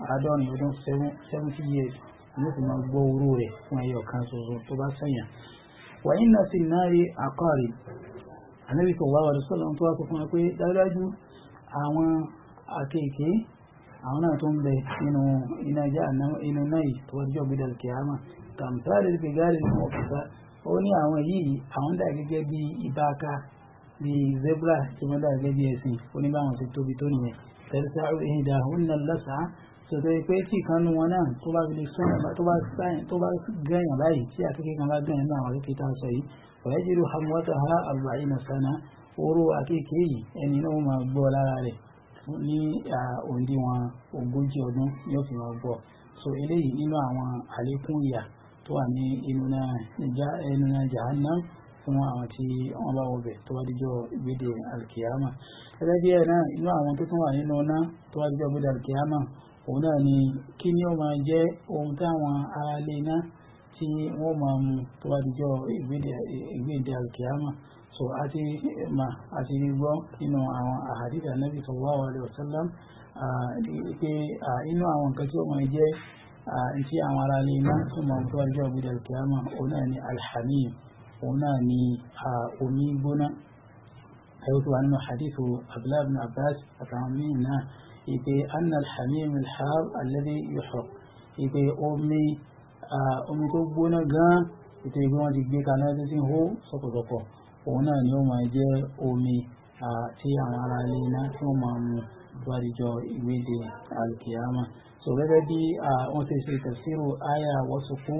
عادون يودن سن سن سيجي نسمع بوروي ما يو سوسو تبع سينيا وإن في النار عقارب النبي صلى الله عليه وسلم tó wá sọ fún pé dájúdájú àwọn akéèké àwọn náà tó ń bẹ nínú iná jẹ́ inú náà yìí tó wájú ọgbẹ́dẹ̀ kìáma kàmtàlì fi gáàrí ní ọ̀pẹ̀ta ó ní àwọn yìí àwọn dà gẹ́gẹ́ bí ìbáka bí zebra tí wọ́n dà gẹ́gẹ́ bí ẹ̀sìn oníbàwọn ti tóbi tó nìyẹn tẹ̀síà ìhìndà náà lọ́sàá sọ̀tọ̀ pé tí ìkànnì wọn náà tó bá fi lè sọ́yìn tó bá sáyìn tó bá gẹ̀yàn báyìí tí àkókò kan bá gẹ̀yàn náà àwọn akéka sọ yìí ọ̀rẹ́ jìrù hamuwata ha àgbáyé na sana oró akéèké yìí ẹni náà so eléyìí nínú àwọn àlékún ìyà tó wà ní inú náà jahannam fún àwọn tí wọ́n bá wọbẹ̀ tó wá díjọ́ ìgbéde alkiyama gẹ́gẹ́ bí ẹ̀ náà inú àwọn tó tún wà nínú náà tó wá díjọ́ ìgbéde alkiyama òun náà ni kí ni ó máa jẹ́ ohun táwọn aráalé iná tí wọ́n máa mú tó bá dijọ́ ìgbéǹde alkiyama so àti mà àti gbígbọ́ nínú àwọn àhàdìdà nabi sallallahu alaihi wasallam pé inú àwọn nǹkan tí ó máa jẹ́ tí àwọn aráalé iná tó máa mú tó bá dijọ́ ìgbéǹde alkiyama òun náà ni alhamim òun náà ni omi gbóná ayọ́tọ̀ nínú hadithu abdullahi abbas àtàwọn míì náà ìpè anna alhamim alhar alladhi yuhruq ìpè omi omi tó gbóná gan ètò ìgbé wọn ti gbé kaná tó ti ń hó sọ̀pọ̀sọ̀pọ̀ òun náà ni ó máa jẹ́ omi tí àwọn ará ilé iná tí wọ́n máa mu gbàdìjọ ìwéde alkiyama so gẹ́gẹ́ bí wọ́n ti ṣe tafsiru aya wasuqu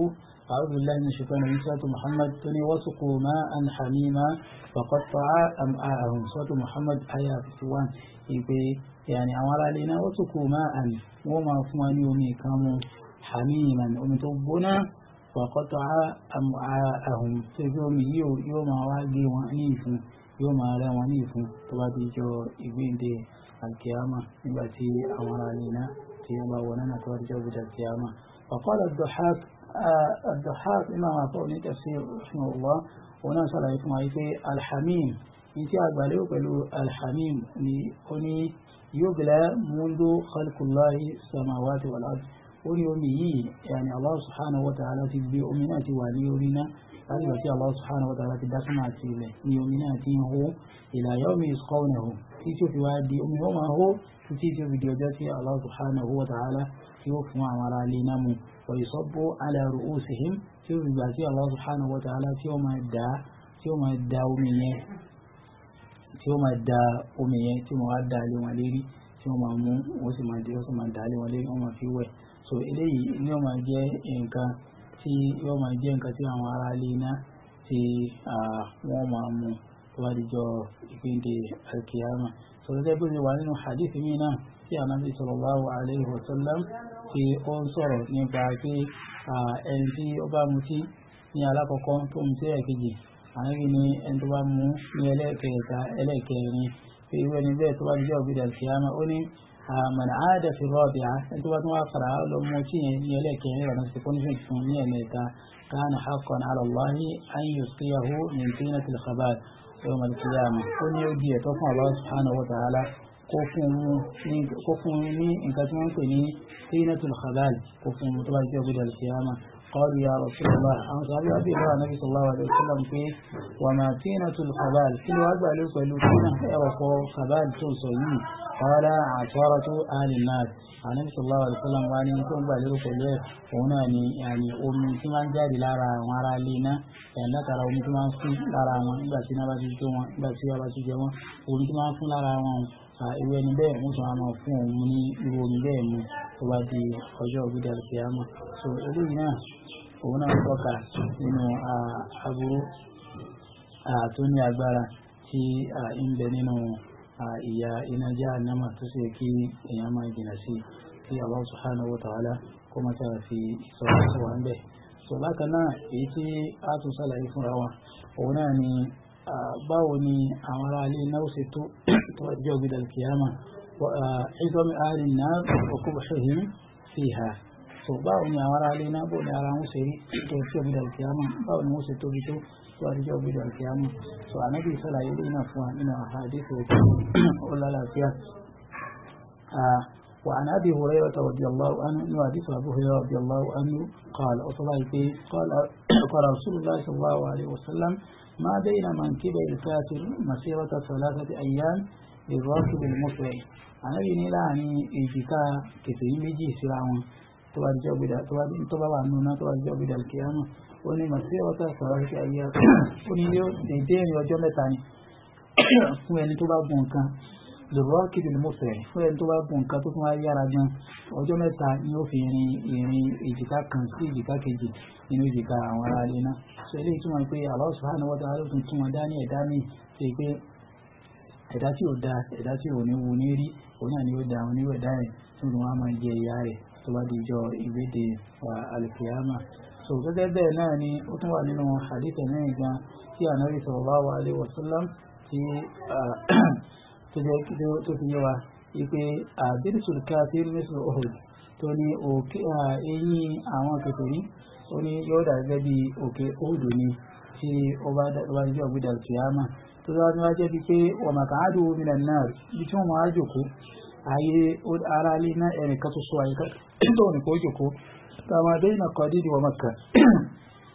أعوذ بالله من الشيطان الرجيم سورة محمد تني وسقوا ماء حميما فقطع أمعاءهم سورة محمد آية 51 ìpè yàní àwọn ará ilé náà ó tún kù máa àn wọ́n máa fún wa ní omi kan mu hamiman omi tó gbóná wàkọ́tọ̀ àhùn tó fi omi yóò máa wá gé wọn ní ìfun yóò máa rẹ wọn ní ìfun tó bá ti jọ ìgbéǹde alkiyama nígbà tí àwọn ará ilé náà tí wọ́n bá wọnà náà tó bá ti jọ ìgbéǹde alkiyama. وقال الضحاك الضحاك إمام عطاء تفسير رحمه الله وناس على الحميم ìtí àgbàlẹ́ pẹ̀lú alhamim ni ó ní yugla mundu khalqullahi samawati wal ard ó ní omi yìí yàní Allah subhanahu wa ta'ala ti gbé omi náà ti wà ní orí náà láti wà tí Allah subhanahu wa ta'ala ti dá sánà àti ilẹ̀ ní omi náà ti ń hó ila yawmi yusqawnahu tí tí ó fi wá di omi ó máa hó títí tí ó fi di ọjọ́ tí Allah subhanahu wa tí ó fún àwọn ará ilé náà mu wa yusabbu ala ru'usihim tí ó fi gbà tí Allah subhanahu wa tí ó máa dá omi yẹn tí ó máa da omi yẹn tí wọ́n wá da lé wọn lérí tí wọ́n máa mú wọ́n sì máa dé wọ́n sì máa da lé wọn lérí wọ́n máa fi wẹ̀ so eléyìí ni ó máa jẹ́ nǹkan tí yóò máa jẹ́ nǹkan tí àwọn ará ilé iná tí wọ́n máa mú tó bá dijọ́ ìpínde alkiyama so gẹ́gẹ́ bí ó ti wà nínú hadith mi náà tí anabi sallallahu alayhi wa sallam tí ó ń sọ̀rọ̀ nípa pé ẹni tí ó bá mutí ní alákọ̀ọ́kọ́ tó mutí ẹ̀kejì ànábì ní ẹni tó bá mú ní ẹlẹ́ẹ̀kẹta ẹlẹ́ẹ̀kẹrin pé irú ẹni bẹ́ẹ̀ tó bá jẹ́ òbí dàbí kìámà ó ní àmàlà àádẹ́ fi rọ́ọ̀bì á ẹni tó bá tún wá fara lọ mú tí yẹn ní ẹlẹ́ẹ̀kẹrin rẹ̀ náà ti kún fún fún ní ẹ̀mẹ́ta káàna hakan alọ́láhi ayọ̀síyàwó nìkínà tìlkabal yóò mọ̀ kìámà ó ní ó di ẹ̀tọ́ fún Allah subhanahu wa ta'ala kó fún ní nǹkan tí wọ́n ń pè ní kínà tìlkabal kó fún mú tó bá òbí dàbí kìámà قالوا يا رسول الله أنا صحابي أبي هو النبي صلى الله عليه وسلم في وما تينة الخبال كل واحد عليه قالوا تينة يرقوا خبال تنصيين قال عشرة آل الناس النبي صلى الله عليه وسلم وأن يكون بعده قالوا هنا يعني أمي كمان جاري لارا وارا لنا يعني لا ترى أمي كمان في لارا وان بس نبى تجوا بس يبى تجوا أمي كمان في لارا وان ìwé ẹni bẹ́ẹ̀ mú sọ̀rọ̀ máa fún òun ní irú omi bẹ́ẹ̀ mu tó bá òun náà tọ́ka nínú aburú tó ní agbára tí ń bẹ nínú ìyà iná jahannama tó sì kí èèyàn máa jìnà sí kí Allah subhanahu wa ta'ala kó má sára fi sọ̀rọ̀ sí wa ń bẹ̀. sọ bákan náà èyí tí a tún sàlàyé fúnra wa òun náà ni báwo ni àwọn ará ilé náà ṣe tó tó ọjọ́ gbẹdẹ̀ kìyàmà àárín náà òkú bàṣẹ́ yìí fi hà so báwo ni àwọn ará ilé náà bò ní ara wọn ṣe rí tó tí òbí dàgbé kíá mọ̀ báwo ni wọ́n ṣe tóbi tó tó àdíjọ́ òbí dàgbé kíá mọ̀ so ànábì ìṣàlàyé lè náà fún wa nínú àwọn àdéhùn ó lálàáfíà وعن أبي هريرة رضي الله عنه وحديث أبو هريرة رضي الله عنه قال قال قال رسول الله صلى الله عليه وسلم ما بين منكب الكافر مسيرة ثلاثة أيام للراكب المسرع أنا بني لاني إجتا كثير مجي سراعون tó bá jẹ́ ògbèdà tó bá ní tó bá wà nù náà tó bá jẹ́ ògbèdà kìámù ó ní màsí ọ̀tá sọ̀rọ̀ ṣe ayé ó ní yóò dédé ìrìn ọjọ́ mẹ́ta ni fún ẹni tó bá gùn nǹkan lọ́wọ́ kìdì ni mo fẹ́ fún ẹni tó bá gùn nǹkan tó tún wá yára gan ọjọ́ mẹ́ta ni ó fi rin ìrìn èjìká kan sí èjìká kejì nínú èjìká àwọn ará ilé náà sọ eléyìí túmọ̀ pé Allah subhanahu wa ta'ala tún tún wọn dání ẹ̀dá mi ṣe pé ẹ̀dá ni ò da ẹ̀dá ni ò ní wu ní rí òun náà ni ó da òun ní ìwẹ̀dá rẹ̀ tó ń wá máa jẹ ìyá rẹ̀ tó bá di ìjọ ìgbéde alìkìyàmà so gẹ́gẹ́ bẹ́ẹ̀ náà ni ó tún wà nínú hadith náà gan tí ànábì sallallahu alaihi wasallam tí tó jẹ́ kí tó fi yé wa ipe àbírísùn káfíìn mẹ́sàn ọ̀hún tó ní òkè ẹ̀yìn àwọn kékeré ó ní yóò dà gẹ́gẹ́ bí òkè òdò ni tí ó bá jẹ́ ọ̀gbẹ́dà kìyàmà tó bá jẹ́ bí pé wọ́n màkà áàdùn omi náà bí tí wọ́n máa jòkó Aye ara na náà ẹnìkan tó sọ àyíká tó ní kó jòkó tàwọn abẹ́yìnà kọ́dí ni wọ́n mọ̀ kàn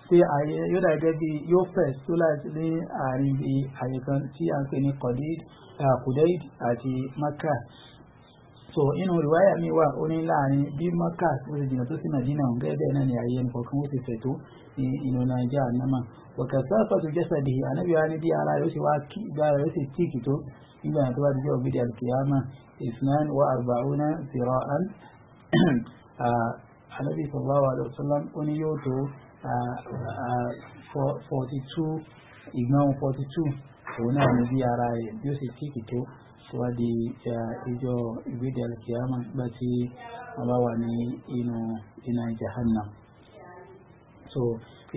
tí ayé yóò dà gẹ́gẹ́ bí yóò fẹ̀ tó láti ní àárín bí ayé kan tí a ń pè ní kọ́dí kùdẹ́ì àti maka so inú rìwáyà mi wà ó ní láàrin bí maka ó ti jìnà tó sì Mádínà òun gẹ́gẹ́ bẹ́ẹ̀ náà ni ayé ẹnìkọ̀ọ̀kan ó ti fẹ̀ tó ní inú nàìjíríà náà mà wọ̀kẹ̀sáfà tó jẹ́sàdì ànábìá ní bí ara nígbà tó bá ti jẹ́ òbí alkiyama isnan wa arba'una zira'an anabi sallallahu alaihi wasallam ó ní yóò tó 42 ìgbọ́n 42 òun náà ní bí ara rẹ̀ bí ó sì kíkì tó wá di ìjọ ìgbéde alkiyama nígbà tí wọ́n bá wà ní inú iná jahannam so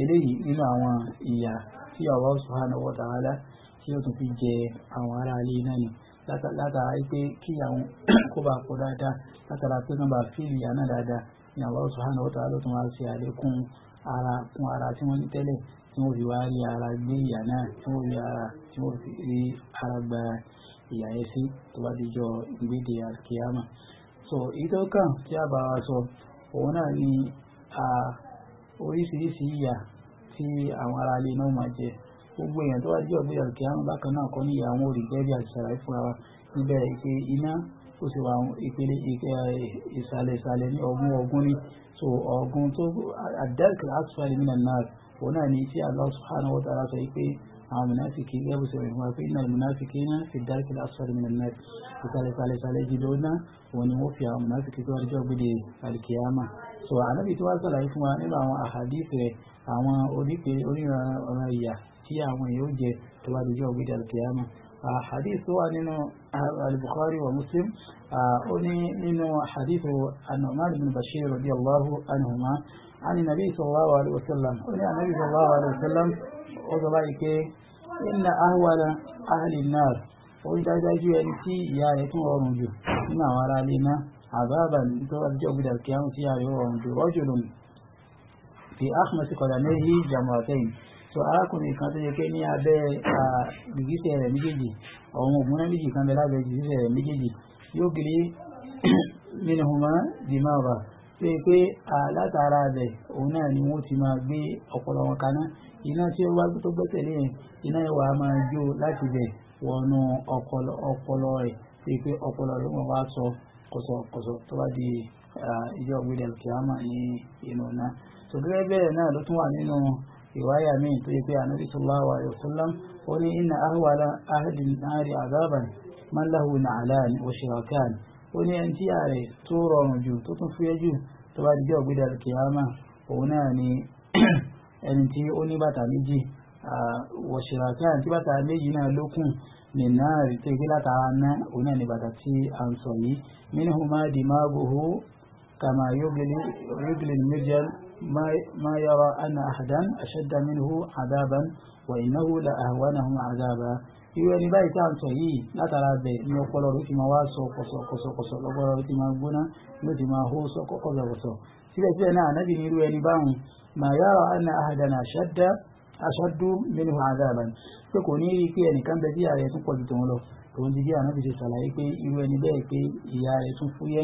eléyìí nínú àwọn ìyà tí Allah subhanahu wa ta'ala tí yóò tún fi jẹ àwọn ará ilé náà ni látara pé kí àwọn kó bá pọ̀ dáadáa látara pé nọ́mbà fíìlì yà náà dáadáa ni Allah subhanahu wa ta'ala ló tún ṣe àlékún ara kún ara tí wọ́n ní tẹ́lẹ̀ tí wọ́n fi wá rí ara gbé ìyà náà tí wọ́n rí ara tí wọ́n fi rí ara gba ìyà yẹn sí tó bá di jọ ìgbéde àkíyàmà. so èyí tí a bá wa sọ òun náà ni oríṣiríṣi ìyà tí àwọn ará ilé náà máa jẹ gbogbo èèyàn tó wá jẹ́ ọ̀gbẹ́ ọ̀kẹ́ àrùn bákan náà kọ́ níyà àwọn olùgbẹ́ bí àṣàlàyé fúnra wa níbẹ̀rẹ̀ ìpè iná ó sì wà ìpele ìsàlẹ̀ ìsàlẹ̀ ní ọgbọ́n ọgbọ́n ní so ọgbọ́n tó àdẹ́kẹ̀ àtúnṣàlẹ̀ mìíràn náà òun náà ní tí Allah subhanahu wa ta'ala sọ pé àwọn mùnáfìkì gẹ́gẹ́ sọ ìwọ̀n pé iná mùnáfìkì iná fi dákẹ̀ àtúnṣàlẹ̀ mìíràn náà ìsàlẹ̀ ìsàlẹ̀ ìsàlẹ̀ jìlọ náà òun ni wọ́n fi àwọn mùnáfìkì tó wájú ọgbẹ́dẹ̀ alkiyama so ànábì tó wá sọ̀rọ̀ fún wa nínú àwọn àhàdí rẹ̀ àwọn onípe oníran ọ̀rọ̀ ìyà tí àwọn yóò jẹ tó bá dojú ọgbẹ́ ìdàlù kìyàmù. حديث عن البخاري ومسلم أني من حديث النعمان بن بشير رضي الله عنهما عن النبي صلى الله عليه وسلم أني النبي صلى الله عليه وسلم أولئك إن أهول أهل النار وإذا جاءوا أنتي يا ريتم ورمجوا إن ورالنا عذابا ترجع إلى القيامة يا رجل في أخمس قدميه جمرتين so arákùnrin kan tó yẹ pé ní abẹ́ gìgísẹ̀ rẹ̀ méjèèjì ọ̀hún ògúnná méjì kan bẹ lábẹ́ gìgísẹ̀ rẹ̀ méjèèjì yóò gírí mínúhùnmá dìmáàbà tó yẹ pé látara rẹ̀ òun náà ni wọ́n ti máa gbé ọpọlọ wọn kaná iná tí ó wá tó gbẹ́sẹ̀ lé yẹn iná ìwà máa jó láti bẹ̀ wọnú ọpọlọ rẹ̀ tó yẹ pé ọpọlọ rẹ̀ wọ́n wá sọ kọ̀sọ̀kọ̀sọ̀ tó bá di ìjọ ògbélẹ̀ kìámà ní inú náà so gẹ́gẹ́ bẹ́ẹ̀ náà ló tún wà nínú riwaya mi tó yẹ pé anabi sallallahu alayhi wa sallam ó ní inna ahwala ahadin nari azaban man lahu na'lan wa shirakan ó ní ẹni tí ààrẹ tó rọrùn jù tó tún fúyẹ́ jù tó bá dijọ́ gbéra kìámà òun náà ni ẹni tí ó ní bàtà méjì wa shirakan tí bàtà méjì náà lókun nínú àrètò ìgbé látara ná òun náà ní bàtà tí a ń sọ yìí minhuma dimaguhu kama yóò gbélé méjèèjì ما ما يرى أن أحدا أشد منه عذابا وإنه لأهونه عذابا ìwé ẹni báyìí tá à ń sọ yìí látara bẹ ní ọpọlọ rẹ ti máa wá sọ kọsọkọsọkọsọ lọpọlọ rẹ ti máa gbóná ló ti máa hó sọkọkọsọkọsọ síbẹ̀síbẹ̀ náà anábì ní irú ẹni báwọn mà yára ẹni àhàdànà aṣáájú mẹnu àdàbà pé kò ní rí i pé ẹnìkan bẹ sí ààrẹ tún pọ̀ ju tòun lọ tòun ti bí anábì ṣe ṣàlàyé pé irú ẹni bẹ́ẹ̀ pé ìyá rẹ tún fúyẹ́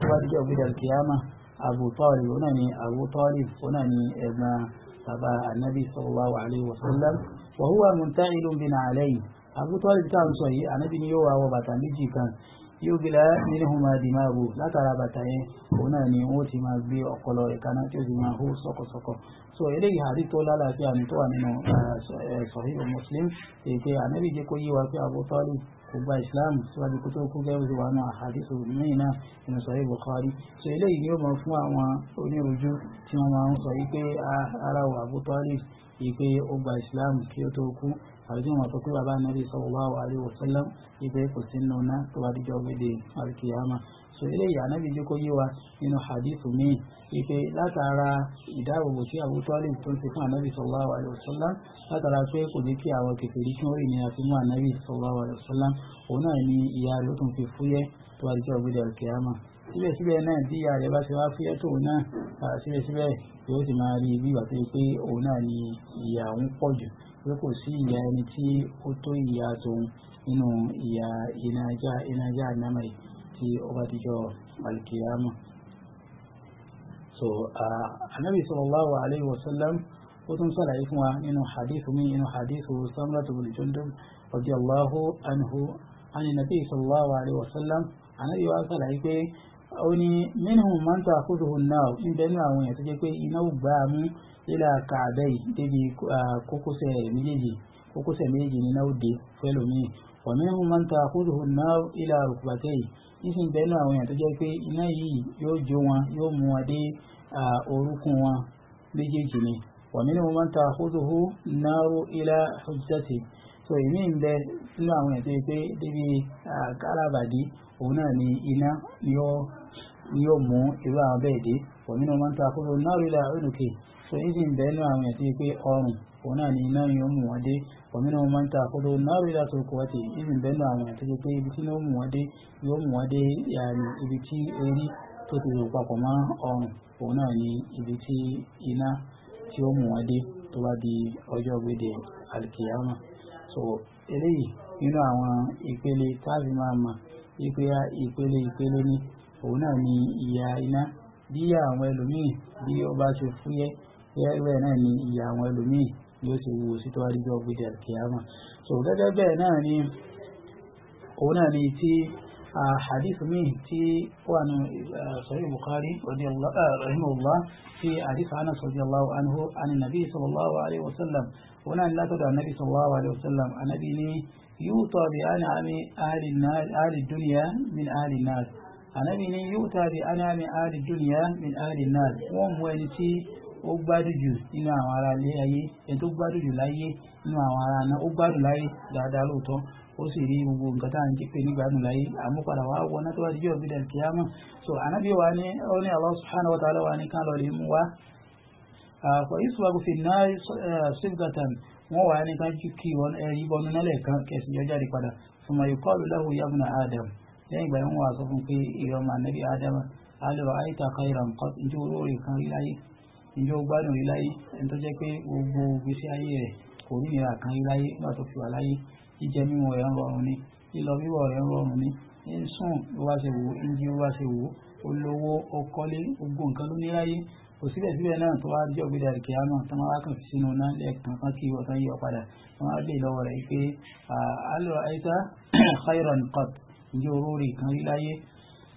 tó bá dijọ́ gbé dàlù kìyàmà Abu Talib òun náà ni Abu Talib òun náà ni ẹ̀gbọ́n bàbá anabi sallallahu alayhi wa sallam wa huwa muntailun bina alayhi Abu Talib táwọn sọ yìí anabi ni yóò wá wọ bàtà méjì kan yóò gbìlá nínú máa dì máa wò látara bàtà yẹn òun náà ni wọ́n ti máa gbé ọpọlọ ìkaná tí ó ti máa hó sọ́kọ̀sọ́kọ̀ so eléyìí àrí tó lálàáfíà ní tó wà nínú eh, eh, sọ̀híhù muslim èké ànábì jẹ́ kó yí wa pé Abu Talib kò gba islam síwájú kó tó kú gẹ́gẹ́ bí wàá náà àhàdìsù míì náà nínú sọ̀híhù Bukhari so eléyìí ni ó máa fún àwọn onírúurú tí wọ́n máa ń sọ yí pé ah, ara wà Abu Talib yí pé ó gba islam kí ó tó kú àbí tí wọ́n sọ pé bàbá nàbí sallallahu alaihi wasallam ibẹ̀ kò sí nínú náà tó bá díjọ́ gbéde alkiyama so eléyìí ànábì jẹ́ kó yé wa nínú hadith míì ipe látara ìdáàbòbò tí Abu Talib tó ń ti fún ànábì sallallahu alaihi wasallam látara pé kò ní kí àwọn kékeré kí wọ́n rìn ní àti mú ànábì sallallahu alaihi wasallam òun náà ni ìyá ló tún fi fúyẹ́ tó bá díjọ́ gbéde alkiyama síbẹ̀síbẹ̀ náà tí ìyá rẹ̀ bá pé kò sí ìyà ẹni tí ó tó ìyà tòun nínú ìyà ìnájà ànámà yìí tí ó bá dijọ́ alkiyama so anabi sallallahu alaihi wasallam sallam ó tún sàlàyé fún wa nínú hadithu mi nínú hadithu samratu bin jundub radiyallahu anhu عن النبي صلى الله عليه وسلم عن أبي وأسأل عيكي أو منهم من تأخذه النار إن بينهم يتجيكي إنه بامي ilà kàbẹ́yì débi kókósẹ̀ méjèèjì kókósẹ̀ méjèèjì ní náà ó dé fẹ́lòmíì ọ̀mìnirun máa ń ta àkóso náà ilà rukbatẹ́yì nísìn bẹ́ẹ̀nù àwọn èèyàn tó jẹ́ pé iná yìí yóò jó wọn yóò mú wọn dé orúkún wọn méjèèjì ni ọ̀mìnirun máa ń ta àkóso náà ilà hujjati so èmi ń bẹ nínú àwọn èèyàn tó jẹ́ pé débi kárabàdì òun náà ni iná ni mú irú àwọn bẹ́ẹ̀ dé ọ̀mìnirun máa ń ta àkóso náà ilà unuki so ìdí ń bẹ́ẹ̀ náà àwọn ẹ̀tí pé ọrùn òun náà ni iná yóò mú wọn dé òmìnira wọn máa ń ta àkóso náà rí láti na tì ìdí ń àwọn ẹ̀tí pé ibi tí yóò mú wọn dé yóò mú wọn dé ibi tí erí tó ti rò papọ̀ mọ́ ọrùn òun náà ni ibi tí iná tí ó mú wọn dé tó bá di ọjọ́ so eléyìí nínú àwọn ìpele táàbì máa mọ̀ ipe ìpele ìpele bẹ́ẹ̀ náà ni ìyà àwọn ẹlòmíì yóò ṣe wo sí tó wá dídọ́ kìámà so gẹ́gẹ́ bẹ́ẹ̀ náà ni òun náà ni tí hadith mi tí wà ní sahih bukhari rahimahullah tí hadith anas radiyallahu anhu an nabi sallallahu alaihi wasallam òun náà ni látọ̀dọ̀ annabi sallallahu alaihi wasallam annabi ni yúùtọ̀ bí a ní àmì ahli dunya min ahli nas annabi ni yúùtọ̀ bí a ní àmì ahli dunya min ahli nas wọ́n mú ẹni tí ó gbádùn jù nínú àwọn ará ilé ayé ẹni tó gbádùn jù láyé nínú àwọn ará náà ó gbádùn láyé dáadáa lóòótọ́ ó sì rí gbogbo nǹkan tá à ń ké pé nígbàdùn láyé àmúpadà wọ náà tó so wa ní ọ ní wa ta'ala wa ní kán mú wa. àpò ìṣòwò fi náà sífgàtàn wọn wà ya Adam ìgbà yẹn wọn wà sọ fún pé ìrọmọ Adam ìjọ gbádùn rí láyé ẹni tó jẹ́ pé gbogbo gbèsè ayé rẹ̀ kò rí ìnira kan rí nígbà tó fi wà láyé jíjẹ mímu rẹ̀ ń rọrùn ni lílọ bíbọ̀ rẹ̀ ń rọrùn ni ń sùn ló bá ṣe wò ó ń jí ló bá ṣe wò ó olówó ọkọ́lé gbogbo nǹkan ló ní láyé kò síbẹ̀síbẹ̀ náà tó wá jẹ́ òbílẹ̀ àríkìá náà tó máa kàn fi sínú náà lẹ́ẹ̀kan kan kí ọ̀tán yíwọ padà tó máa dé lọ́wọ́ rẹ̀ pé alọ́ àìsá khairan qat ìjọ orórì kan rí láyé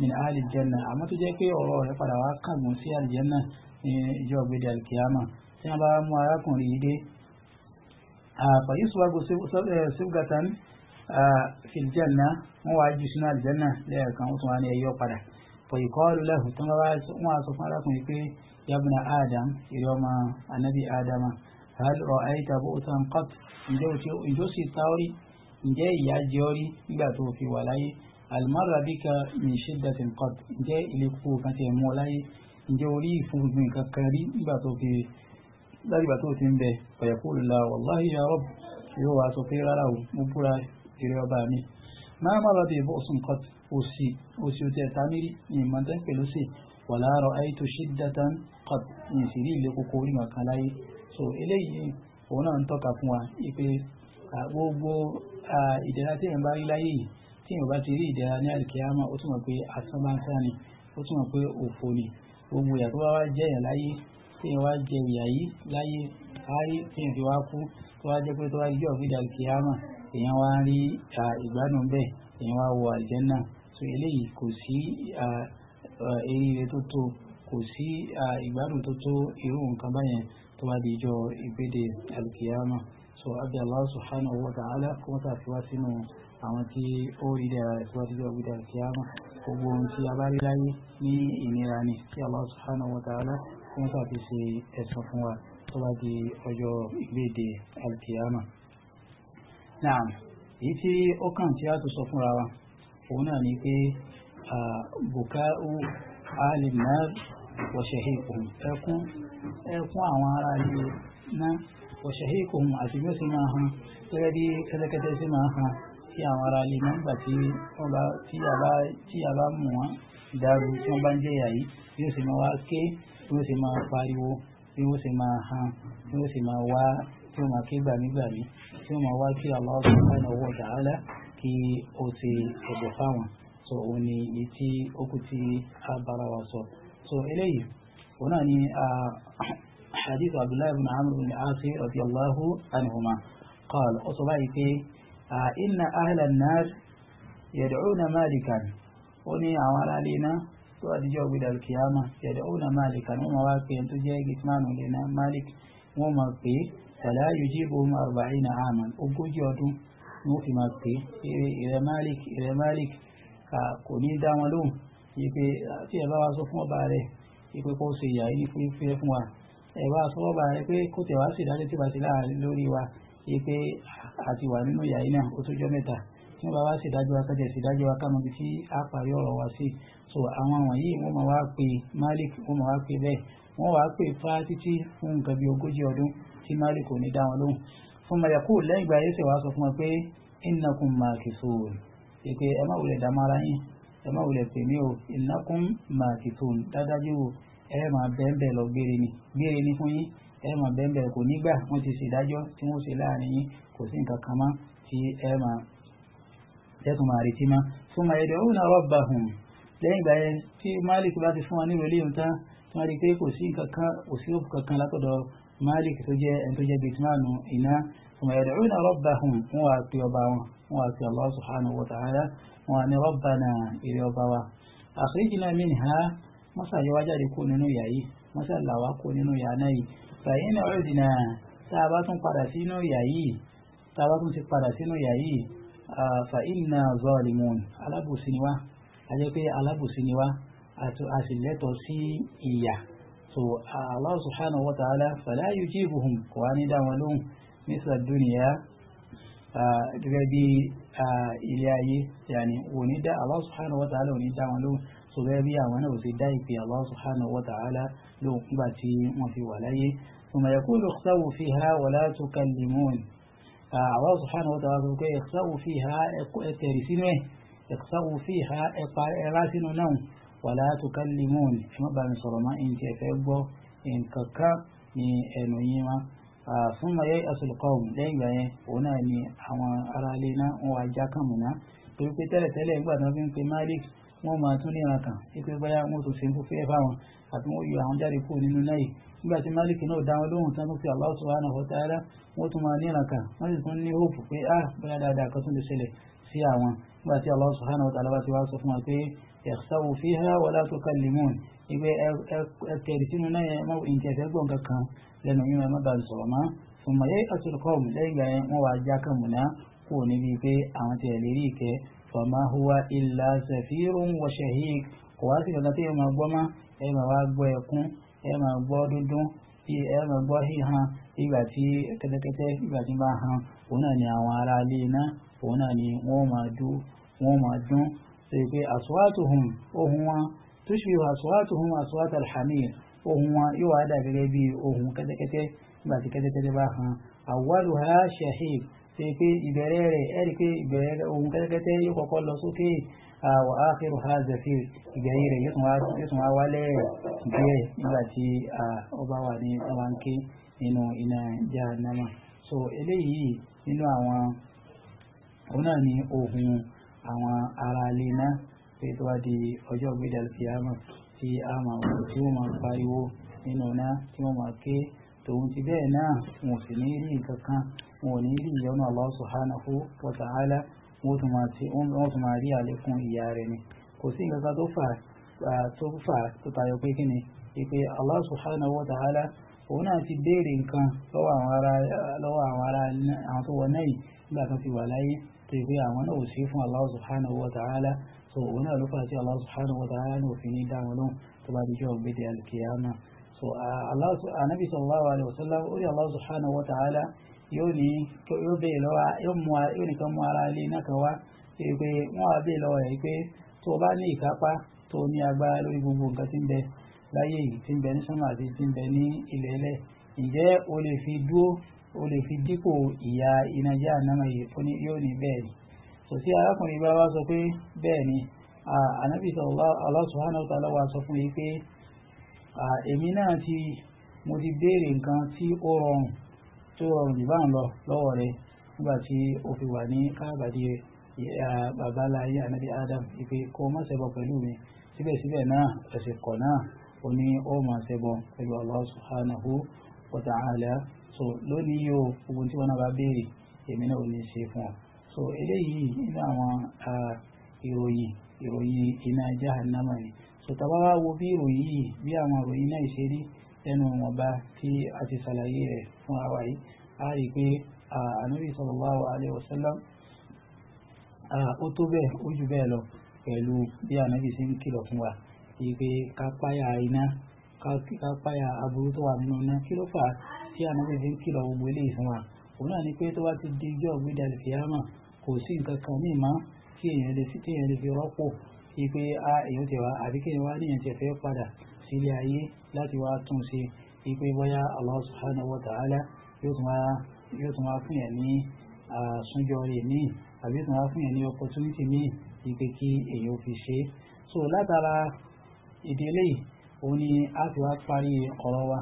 min ahli janna àmọ́ tó jẹ́ pé ọ̀rọ̀ rẹ̀ padà wá kàgbọ́n sí àlìjẹ́nà ní ìjọ ọ̀gbẹ́dẹ alkiyama tí wọ́n bá mú arákùnrin yìí dé àpàyí sùwàgò síbgàtàn eh, fil janna wọ́n wá jù sínú àlìjẹ́nà lẹ́ẹ̀kan ó tún wá ní ẹyọ padà pọ̀yì kọ́ọ̀lù lẹ́hùn tó wọ́n sọ fún arákùnrin pé yabna adam ìrẹ́ ọmọ anabi adama hal ra'aita bu'tan qat ǹjẹ́ òsì táórí ǹjẹ́ ìyá jẹ́ orí nígbà tó fi wà alimara bí ka min shiddatin qat ǹjẹ́ ilé kúkú kan ti mú ọ láyé ǹjẹ́ orí ìfúngun nǹkan kan rí nígbà tó fi lágbà tó ti ń bẹ ọ̀yẹ̀kú la wàláhì ya rọ́bù yóò wá sọ pé rárá o mo búra èrè ọba mi máa má rọ́bì bọ́ sùn qat òsì òsì òtí ẹ̀ta mírí ní ìmọ̀tẹ́ pẹ̀lú sí wala ra'aytu shiddatan qat ní ìsìrí ilé kúkú orí nǹkan láyé so eléyìí òun náà ń tọ́ka fún wa pé gbogbo ìdẹ̀ra tí ẹ̀ ń bá rí láyé yìí tí yóò bá ti rí ìdẹ̀ra ní àlìkíyàmá ó túmọ̀ pé asán bá ń sá ni ó túmọ̀ pé òfò ni gbogbo ìyà tó bá wá jẹ́ yàn láyé tí yóò wá jẹ ìyà yìí láyé láyé tí yóò fi wá kú tó wá jẹ́ pé tó wá jẹ́ ọ̀fíìdà àlìkíyàmá èèyàn wá rí ìgbádùn bẹ́ẹ̀ èèyàn wá wọ àlìjẹ́nà so eléyìí kò sí eríire tó tó kò sí ìgbádùn tó tó irú nǹkan báyẹn tó bá di ìjọ ìgbéde àlìkíyàmá so abẹ́ Allah subhanahu wa ta'ala kó wọ́n tà fi wá sínú àwọn tí ó rí dára ìsíwájú ọjọ́ ìgbéra kíámà gbogbo ohun tí a bá rí láyé ní ìnira ni kí Allah subhanahu wa ta'ala kí wọ́n ṣe fún wa tó bá di ọjọ́ ìgbéde alkiyama. Naam, èyí tí ó kàn tí a tó sọ fúnra wa òun náà ni pé bukau alimnar wa shahiquhum ẹkún ẹkún àwọn ará ilé náà wa tí àwọn ará ilé nígbà tí wọ́n bá tí a bá tí a bá mú wọn dàrú tí wọ́n bá ń jẹ̀yà yìí bí ó sì máa wá ké bí ó sì máa pariwo bí ó sì máa han bí ó sì máa wá tí ó máa ké gbàmígbàmí tí ó máa wá kí Allah subhanahu wa ta'ala kí ó ti ẹ̀bẹ̀ fáwọn so òun ni èyí tí ó kù tí a bára wa sọ so eléyìí òun náà ni hadith abdullahi ibn amr ibn al-asi radiyallahu anhuma qala ó sọ báyìí pé inna ahlan nar yad'una malikan ó ní àwọn aráàlú iná tó wà díjọ́ gbé dàlùkìyàmà yad'una malikan wọ́n máa wá pé tó jẹ́ gitmanu lena malik wọ́n máa pé fala yujibuhum arba'ina aman ogójì ọdún ni ó fi máa pé ìrẹ malik ìrẹ malik kò ní dá wọn lóhùn ìpè tí ẹ bá wá sọ fún ọba rẹ ìpè kó ṣe ìyá yìí fún ìfẹ́ wa ẹ wá sọ ọba rẹ pé kó tẹ̀ wá sí ìdájọ́ tí bá ti láàrin lórí wa ìpè àti wà nínú ìyá iná kó tó jọ mẹ́ta tí wọ́n bá wá ṣèdájọ́ akájẹ́ ṣèdájọ́ akámọ́bí tí a parí ọ̀rọ̀ wa sí so àwọn wọ̀nyí wọ́n máa wá pé Malik wọ́n máa wá pé bẹ́ẹ̀ wọ́n wá pé fa títí fún nǹkan bí ogójì ọdún tí Malik ò ní dá wọn lóhùn fún mayakú lẹ́yìn ìgbà yẹn sì wá sọ fún wọn pé innakum makithun pé ẹ má wulẹ̀ dàmára yín ẹ má wulẹ̀ pè mí o innakum makithun dádájú ẹ máa bẹ́ẹ̀ lọ gbére ni gbére ni fún yín ẹ máa bẹ́ẹ̀ kò nígbà wọ́n ti ṣèdájọ́ tí wọ́n ṣe láàrin yín kò sí nǹkan kan mọ́ tí ẹ máa tẹ́tùn máa retí mọ́ fún ma ẹ̀dọ̀ òun àrọ́ bá hùn lẹ́yìn ìgbà yẹn tí Malik bá ti fún wa nílò eléyìí tán tí wọ́n rí pé kò sí nǹkan kan kò sí òkú kankan látọ̀dọ̀ Malik tó jẹ́ ẹni tó jẹ́ bìtìmánu iná fún ma ẹ̀dọ̀ òun àrọ́ bá hùn wọ́n wá pe ọba wọn wọ́n wá pe Allah subhanahu wa ta'ala wọ́n wá ní ọba náà yìí fàyín náà ọ̀rẹ́dìnà tá a tàbá tún ti padà sínú ìyá yìí fa inna zalimun alábòsí ni wá a jẹ́ pé alábòsí ni wá a sì lẹ́tọ̀ sí ìyà so Allah subhanahu wa ta'ala fala yujibuhum kò wá ní dáwọn lóhùn mísà dúnìyà gẹ́gẹ́ bí ilé ayé yàní òní dá Allah subhanahu wa òní dáwọn lóhùn so gẹ́gẹ́ bí àwọn náà sì dá ìpè Allah subhanahu wa lóhùn nígbà tí wọ́n fi wà láyé ثم يقول اخسوا فيها ولا تكلمون àwọn subhanahu wa ta'ala pé ikhsa'u fiha ẹ̀tẹ̀rì sínú ẹ̀ ikhsa'u fiha ẹ̀rá sínú náà wala tukallimuni fún bá mi sọ̀rọ̀ máa ń jẹ́ fẹ́ gbọ́ nǹkan kan ní ẹnu yín wá ثم ييأس القوم lẹ́yìn ìgbà yẹn òun náà ni àwọn ará ilé náà wọn wá já kàmùnà torí pé tẹ́lẹ̀tẹ́lẹ̀ nígbà tó fi ń pe Malik wọ́n máa tún níran kan ipe bóyá wọ́n tó ṣe ń fúfẹ́ fáwọn àti wọ́n yọ àwọn jáde kúrò nínú náà yìí nígbà tí Malik náà dá wọn lóhùn tán tó fi Allah subhanahu wa ta'ala wọ́n tún máa níran kan wọ́n sì tún ní hope pé ah bóyá dáadáa kan tún lè ṣẹlẹ̀ sí àwọn nígbà tí Allah subhanahu wa ta'ala bá ti wá sọ fún wa pé ikhsaw fiha wa la tukallimun ìgbé ẹtẹ̀rì sínú náà yẹn mọ́ ìtẹ̀fẹ́ gbọ̀n kankan lẹ́nu yín má bàa sọ̀rọ̀ mọ́ thumma yai'asul qawm lẹ́yìn ìgbà yẹn wọ́n wá tí ẹ máa gbọ́ híhan ìgbà tí kẹ́tẹ́kẹ́tẹ́ ìgbà tí bá han òun náà ni àwọn ará ilé iná òun náà ni wọ́n máa dún wọ́n máa dún ṣe pé aswatuhum ohun wọn tushbihu aswatuhum aswat alhamir ohun wọn yóò wá dà gẹ́gẹ́ bí ohun kẹ́tẹ́kẹ́tẹ́ ìgbà tí kẹ́tẹ́kẹ́tẹ́ bá han awwaluha shahib ṣe pé ìbẹ̀rẹ̀ rẹ̀ ẹ̀rí pé ìbẹ̀rẹ̀ ohun kẹ́tẹ́kẹ́tẹ́ yóò kọ́kọ́ lọ sókè وآخر هذا في غير يسمع يسمع ولا جه نباتي أبواني أوانكي nínú iná jahannama so eléyìí nínú àwọn òun náà ni ohun àwọn ará ilé náà pé tó wá di ọjọ́ gbéjà fìyàmà tí a máa wò tí wọ́n máa pariwo nínú náà tí ti wọ́n tún máa ti wọ́n tún máa rí àlékún ìyá rẹ̀ ni kò sí nǹkan kan tó fà tó fà tó tayọ pé kí ni ìpè Allah subhanahu wa ta'ala òun náà ti béèrè nǹkan lọ́wọ́ àwọn ará lọ́wọ́ àwọn ará àwọn tó wọ náà yìí nígbà tó fi wà láyé tó ìpè àwọn náà ò sí fún Allah subhanahu wa ta'ala so òun náà ló fà sí Allah subhanahu wa ta'ala ní òfin ní dáhùn lóhùn tó bá di jọ gbèdé alkiyama so anabi sallallahu alayhi wa sallam ó rí Allah subhanahu wa ta'ala yóò ní yóò bèè lọ́wọ́ yóò mú yóò nìkan mú ara ilé náà kan wá pé wọ́n wá bèè lọ́wọ́ rẹ̀ pé tó o bá ní ìkápá tó o ní agbára lórí gbogbo nǹkan tí ń bẹ láyé yìí tí ń bẹ ní sánmà àti tí ń bẹ ní ilẹ̀ ẹlẹ́ ǹjẹ́ o lè fi dúró o lè fi dípò ìyà iná jẹ́ ànámọ̀ yìí fún yóò ní bẹ́ẹ̀ ni kò sí arákùnrin bá wá sọ pé bẹ́ẹ̀ ni ànábì Allah subhanahu wa ta'ala sọ fún yìí pé èmi náà ti mo ti béèrè nǹkan tí ó rọrùn tó rọrùn jù bá ń lọ lọ́wọ́ rẹ̀ nígbà tí o fi wà ní káàbàdì bàbá láyé anabi adam ìpè kó má ṣẹbọ pẹ̀lú mi síbẹ̀síbẹ̀ náà ẹ̀sìn kọ̀ náà ó ní ó máa ṣẹbọ pẹ̀lú Allah subhanahu wa ta'ala so lónìí yóò gbogbo tí wọn náà bá béèrè èmi náà ò ní ṣe fún ọ so eléyìí nínú àwọn ìròyìn ìròyìn iná jahannama ni so tàbá wo bí ìròyìn yìí bí àwọn ìròyìn náà ṣe rí lẹ́nu wọn bá tí a ti ṣàlàyé rẹ̀ fún àwa yìí a rí pé ànábì sallallahu alaihi wasallam ó tó bẹ́ẹ̀ ó jù bẹ́ẹ̀ lọ pẹ̀lú bí ànábì ṣe ń kìlọ̀ fún wa ìpè kápáyà iná kápáyà aburú tó wà nínú iná kí ló fà á tí ànábì ṣe ń kìlọ̀ gbogbo eléyìí fún wa òun náà ni pé tó bá ti di ijó ọ̀gbẹ́dà ìfìyàmọ̀ kò sí nǹkan kan ní ìmọ̀ kí èèyàn lè fi rọ́pò ìpè a èèyàn tẹ̀ wá àbí kéèyàn wá níyàn láti wá tún ṣe wípé bóyá Allah yóò tún wá fún yẹn ní àsúnjọ rẹ̀ ní àbí tún wá fún yẹn ní opportunity ní wípé kí èèyàn fi ṣe so látara ìdílé òun ni a ti wá parí ọ̀rọ̀ wa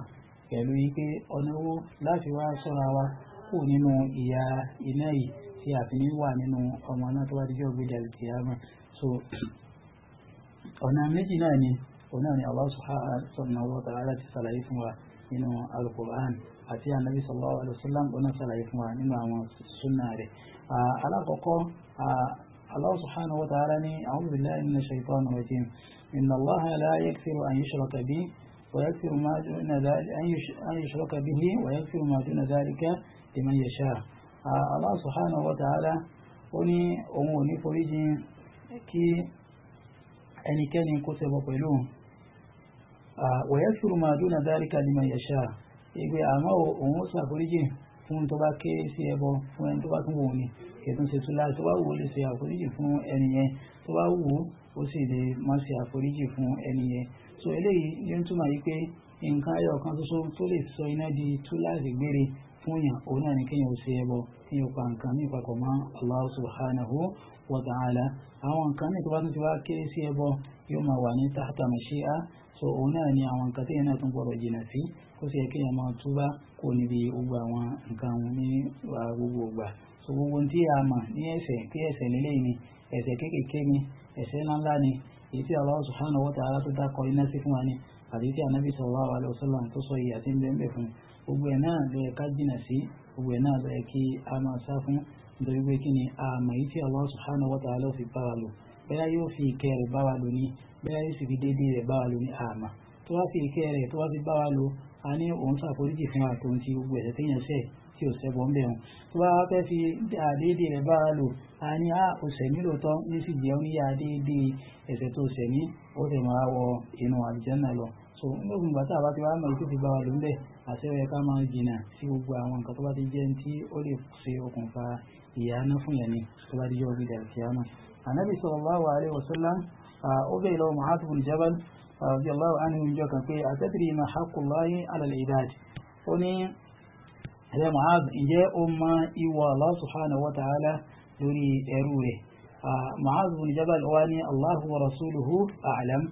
pẹ̀lú wípé ọ̀nà láti wá sọ́ra wa kù nínú ìyà iná yìí tí a fi wà nínú ọmọ náà tó bá dijọ́ gbé dàbí kìámà so ọ̀nà méjì náà ni òun náà ni Allah subhanahu wa ta'ala ti ṣàlàyé fún wa nínú alukur'an àti anabi sallallahu alayhi wa sallam òun náà ṣàlàyé fún wa nínú àwọn sunna rẹ̀ alákọ̀ọ́kọ́ Allah subhanahu wa ta'ala ni a'udhu billahi minash shaitani rajim inna Allah la yaghfiru an yushraka bihi ويغفر ما دون ذلك أن يشرك به ويغفر ما دون ذلك لمن يشاء Allah subhanahu wa ta'ala ó ní òun ò ní foríjì ẹnikẹ́ni kó ṣẹbọ pẹ̀lú Ah, wẹ̀yẹ́sùrù máa dúnà dáríkà liman yasha ìgbé àmọ́ òun ó ṣàforíjì fún tó bá ké sí ẹbọ fún ẹni tó bá tún wò ní kẹtùn ṣe tún láti tó bá wù ó lè ṣe àforíjì fún ẹni yẹn tó bá wù ó sì lè má ṣe àforíjì fún ẹni yẹn so eléyìí ló ń túmọ̀ yìí pé nǹkan ayọ̀ kan ṣoṣo tó lè sọ iná di túláàsì gbére fún yàn òun náà ni kéèyàn ò ṣe ẹbọ kéèyàn pa nǹkan ní ìpapọ̀ mọ́ Allah subhanahu wa ta'ala àwọn nǹkan ní tó bá tún ti wá kéré sí ẹbọ yóò máa wà ní tahta mashi'a so òun náà ni àwọn nǹkan tí yẹn náà tún gbọ́dọ̀ jìnà sí ó sì yẹ kí yẹn máa túbá kó níbi gbogbo àwọn nǹkan ní gbogbo ìgbà so gbogbo tí a mọ̀ ní ẹ̀ṣẹ̀ kí ẹ̀ṣẹ̀ lélẹ́yìn ni ẹ̀ṣẹ̀ kéékèèké ni ẹ̀ṣẹ̀ ńláńlá ni èyí tí Allah subhanahu wa ta'ala tó dákọ iná sí fún wa ni àti tí anabi sallallahu alaihi wasallam tó sọ ń bẹ́ẹ̀ fún bẹ́ẹ̀ yóò sì fi déédéé rẹ̀ bá wa lò ní àmà tó wá sí ìkẹ́ rẹ̀ tó wá sí bá wa lò a ní òun ṣàforíjì fún wa tó ti gbogbo ẹ̀ṣẹ̀ téèyàn ṣẹ̀ tí ò ṣẹbọ ńbẹ̀ wọn tó bá wá fẹ́ fi àdéédéé rẹ̀ bá wa lò a ní a ò sẹ̀mí lóòótọ́ ní sì jẹ́ oníyà déédéé ẹ̀ṣẹ̀ tó sẹ̀mí ó sì máa wọ inú àlùjánnà lọ so nígbàgbọ́n ìgbà tá a bá ti wá mọ̀ èyí tó fi bá wa lò ńbẹ̀ àṣẹwẹ̀ ká máa jìnnà sí gbogbo àwọn nǹkan tó bá ti jẹ́ ìyá ná fún yẹn ni tó bá ti jẹ́ òbí dàrú kíá náà. ànábì sallallahu alaihi wasallam ó bẹ̀rẹ̀ lọ́wọ́ Mu'adh bin Jabal radiyallahu anhu níjọ́ kan pé atadri ma haqqullahi ala al-ibad ó ní ẹ̀rẹ́ Mu'adh ǹjẹ́ ó mọ ìwọ Allah subhanahu wa ta'ala lórí ẹrú rẹ̀ Mu'adh bin Jabal wa ní Allahu wa rasuluhu a'lam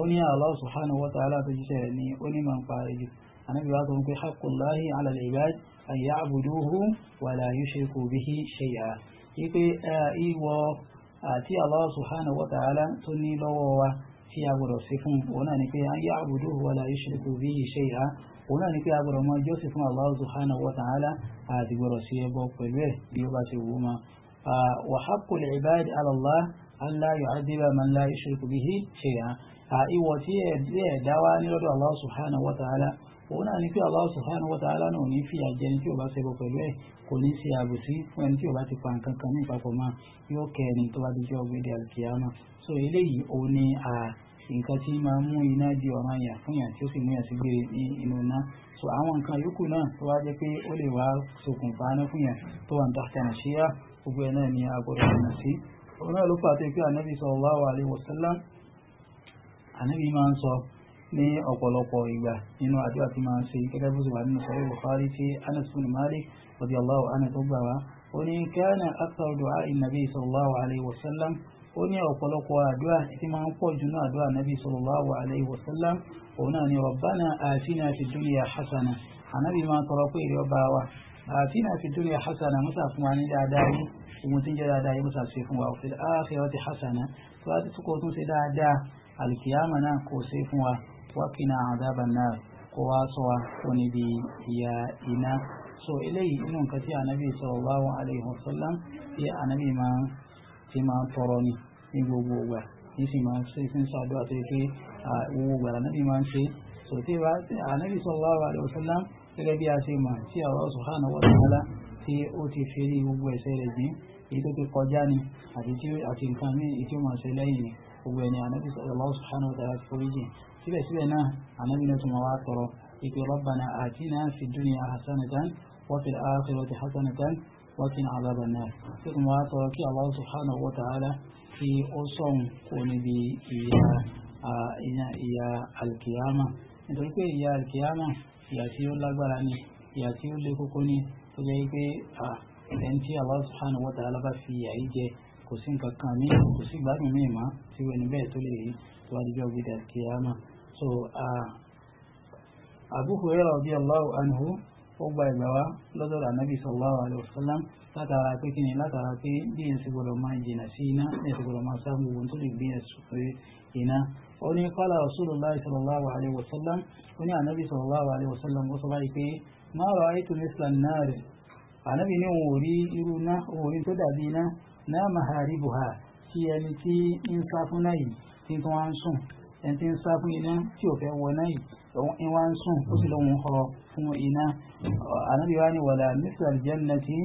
ó ní Allah subhanahu wa ta'ala tó jíṣẹ́ rẹ̀ ní ó ní màá ń parí jù ànábì wa sọ pé haqqullahi ala al-ibad an ya'buduhu wa la yushriku bihi shay'a wípé ìwọ àti Allah subhanahu wa ta'ala tó ní lọ́wọ́ wa tí a gbọ́dọ̀ sí fún òun náà ni pé an ya'buduhu wa la yushriku bihi shay'a òun náà ni pé a gbọ́dọ̀ mọ jọ́sí fún Allah subhanahu wa ta'ala àti gbọ́dọ̀ sí ẹbọ pẹ̀lú ẹ̀ bí ó bá ti wù ma. wa haqqul ibad ala Allah an la yu'adhiba man la yushriku bihi shay'a. ìwọ̀ tí ẹ̀dá wa ní lọ́dọ̀ Allah subhanahu wa òun náà ní pé Allah subhanahu wa ta'ala náà ní fìyà jẹ ní tí o bá ṣẹbọ pẹ̀lú ẹ̀ kò ní ṣe àbòsí fún ẹni tí o bá ti pa nǹkan kan ní ìpapọ̀ máa yóò kẹrin tó bá dojú ọgbẹ́dẹ àlùkìyàmà so eléyìí òun ni nǹkan tí máa mú iná di ọ̀ràn yà fún yàn tí ó sì mú yàn sí gbére ní inú iná so àwọn nǹkan yòókù náà tó wá jẹ́ pé ó lè wá ṣokùnfà ná fún yàn tó wà ń tàkà ní ọ̀pọ̀lọpọ̀ ìgbà nínú àdúrà tí máa ń ṣe gẹ́gẹ́ bó ṣe wà nínú sọ́rọ̀ Bukhari tí Anas bin Malik radiyallahu anhu tó gbà wá ó ní kana akthar du'a ìnàbí sallallahu alayhi wa sallam ó ní ọ̀pọ̀lọpọ̀ àdúrà tí máa ń pọ̀ jù náà àdúrà nàbí sallallahu alayhi wa sallam òun náà ni rabbana atina fid dunya hasana ànábì máa tọrọ pé ìrẹ́ ọba wa atina fid dunya وقنا عذاب النار قواصوا ونبي يا إنا so eléyìí inú nǹkan tí anabi sallallahu alayhi wa sallam tí anabi máa ti máa tọrọ ni ní gbogbo ìgbà ní sì máa ṣe sí ṣàdúrà tó yẹ pé gbogbo ìgbà anabi máa ń ṣe so tí anabi sallallahu alayhi wa sallam gẹ́gẹ́ a ṣe mọ̀ tí Allah subhanahu wa ta'ala tí ó ti fi rí gbogbo ẹ̀ṣẹ̀ rẹ̀ jìn èyí tó ti kọjá ni àti nǹkan míì èyí tí ó máa ṣe lẹ́yìn ni gbogbo ẹni anabi sallallahu subhanahu wa ti forí jìn síbẹ̀síbẹ̀ náà ànábì náà tún máa wá tọrọ ìpè rabbana atina fid dunya hasanatan wa fil akhirati hasanatan wa qina adhaban nar tó tún máa tọrọ kí Allah subhanahu wa ta'ala fi ó sọ̀hún kó níbi ìyà alkiyama nítorí pé ìyà alkiyama ìyà tí ó lágbára ni ìyà tí ó lé kókó ni tó jẹ́ pé ẹni tí Allah subhanahu wa ta'ala bá fi ìyà yìí jẹ kò sí nǹkan kan ní kò sí gbádùn míì má tí wọn níbẹ̀ tó lè rí tó wá díjọ́ gbé dàkíyàmá so uh, Abu Hurairah radiyallahu anhu ó gba ìgbà wá lọ́dọ̀ ànábì sallallahu alaihi wasallam látara pé kí ni látara pé bí ẹ̀ sì gbọ́dọ̀ máa jìnà sí iná ẹ̀ sì gbọ́dọ̀ máa sáà gbogbo tó lè gbé ẹ̀ sùn pé iná ó ní qala rasulullah sallallahu alaihi wasallam ó ní ànábì sallallahu alaihi wasallam ó sọ báyìí pé ma ra'aytu mithla an-nar ànábì ní òun ò rí irú ná òun ò rí tó dàbí iná náà maharibuha tí ẹni tí ń sá fún náà yìí tí tó wá ń sùn ẹni tí ń sá fún iná tí ò fẹ́ wọ náà yìí òun ń wá ń sùn ó sì lóun họ fún iná ànábì wa ni wàlà mr aljanna tí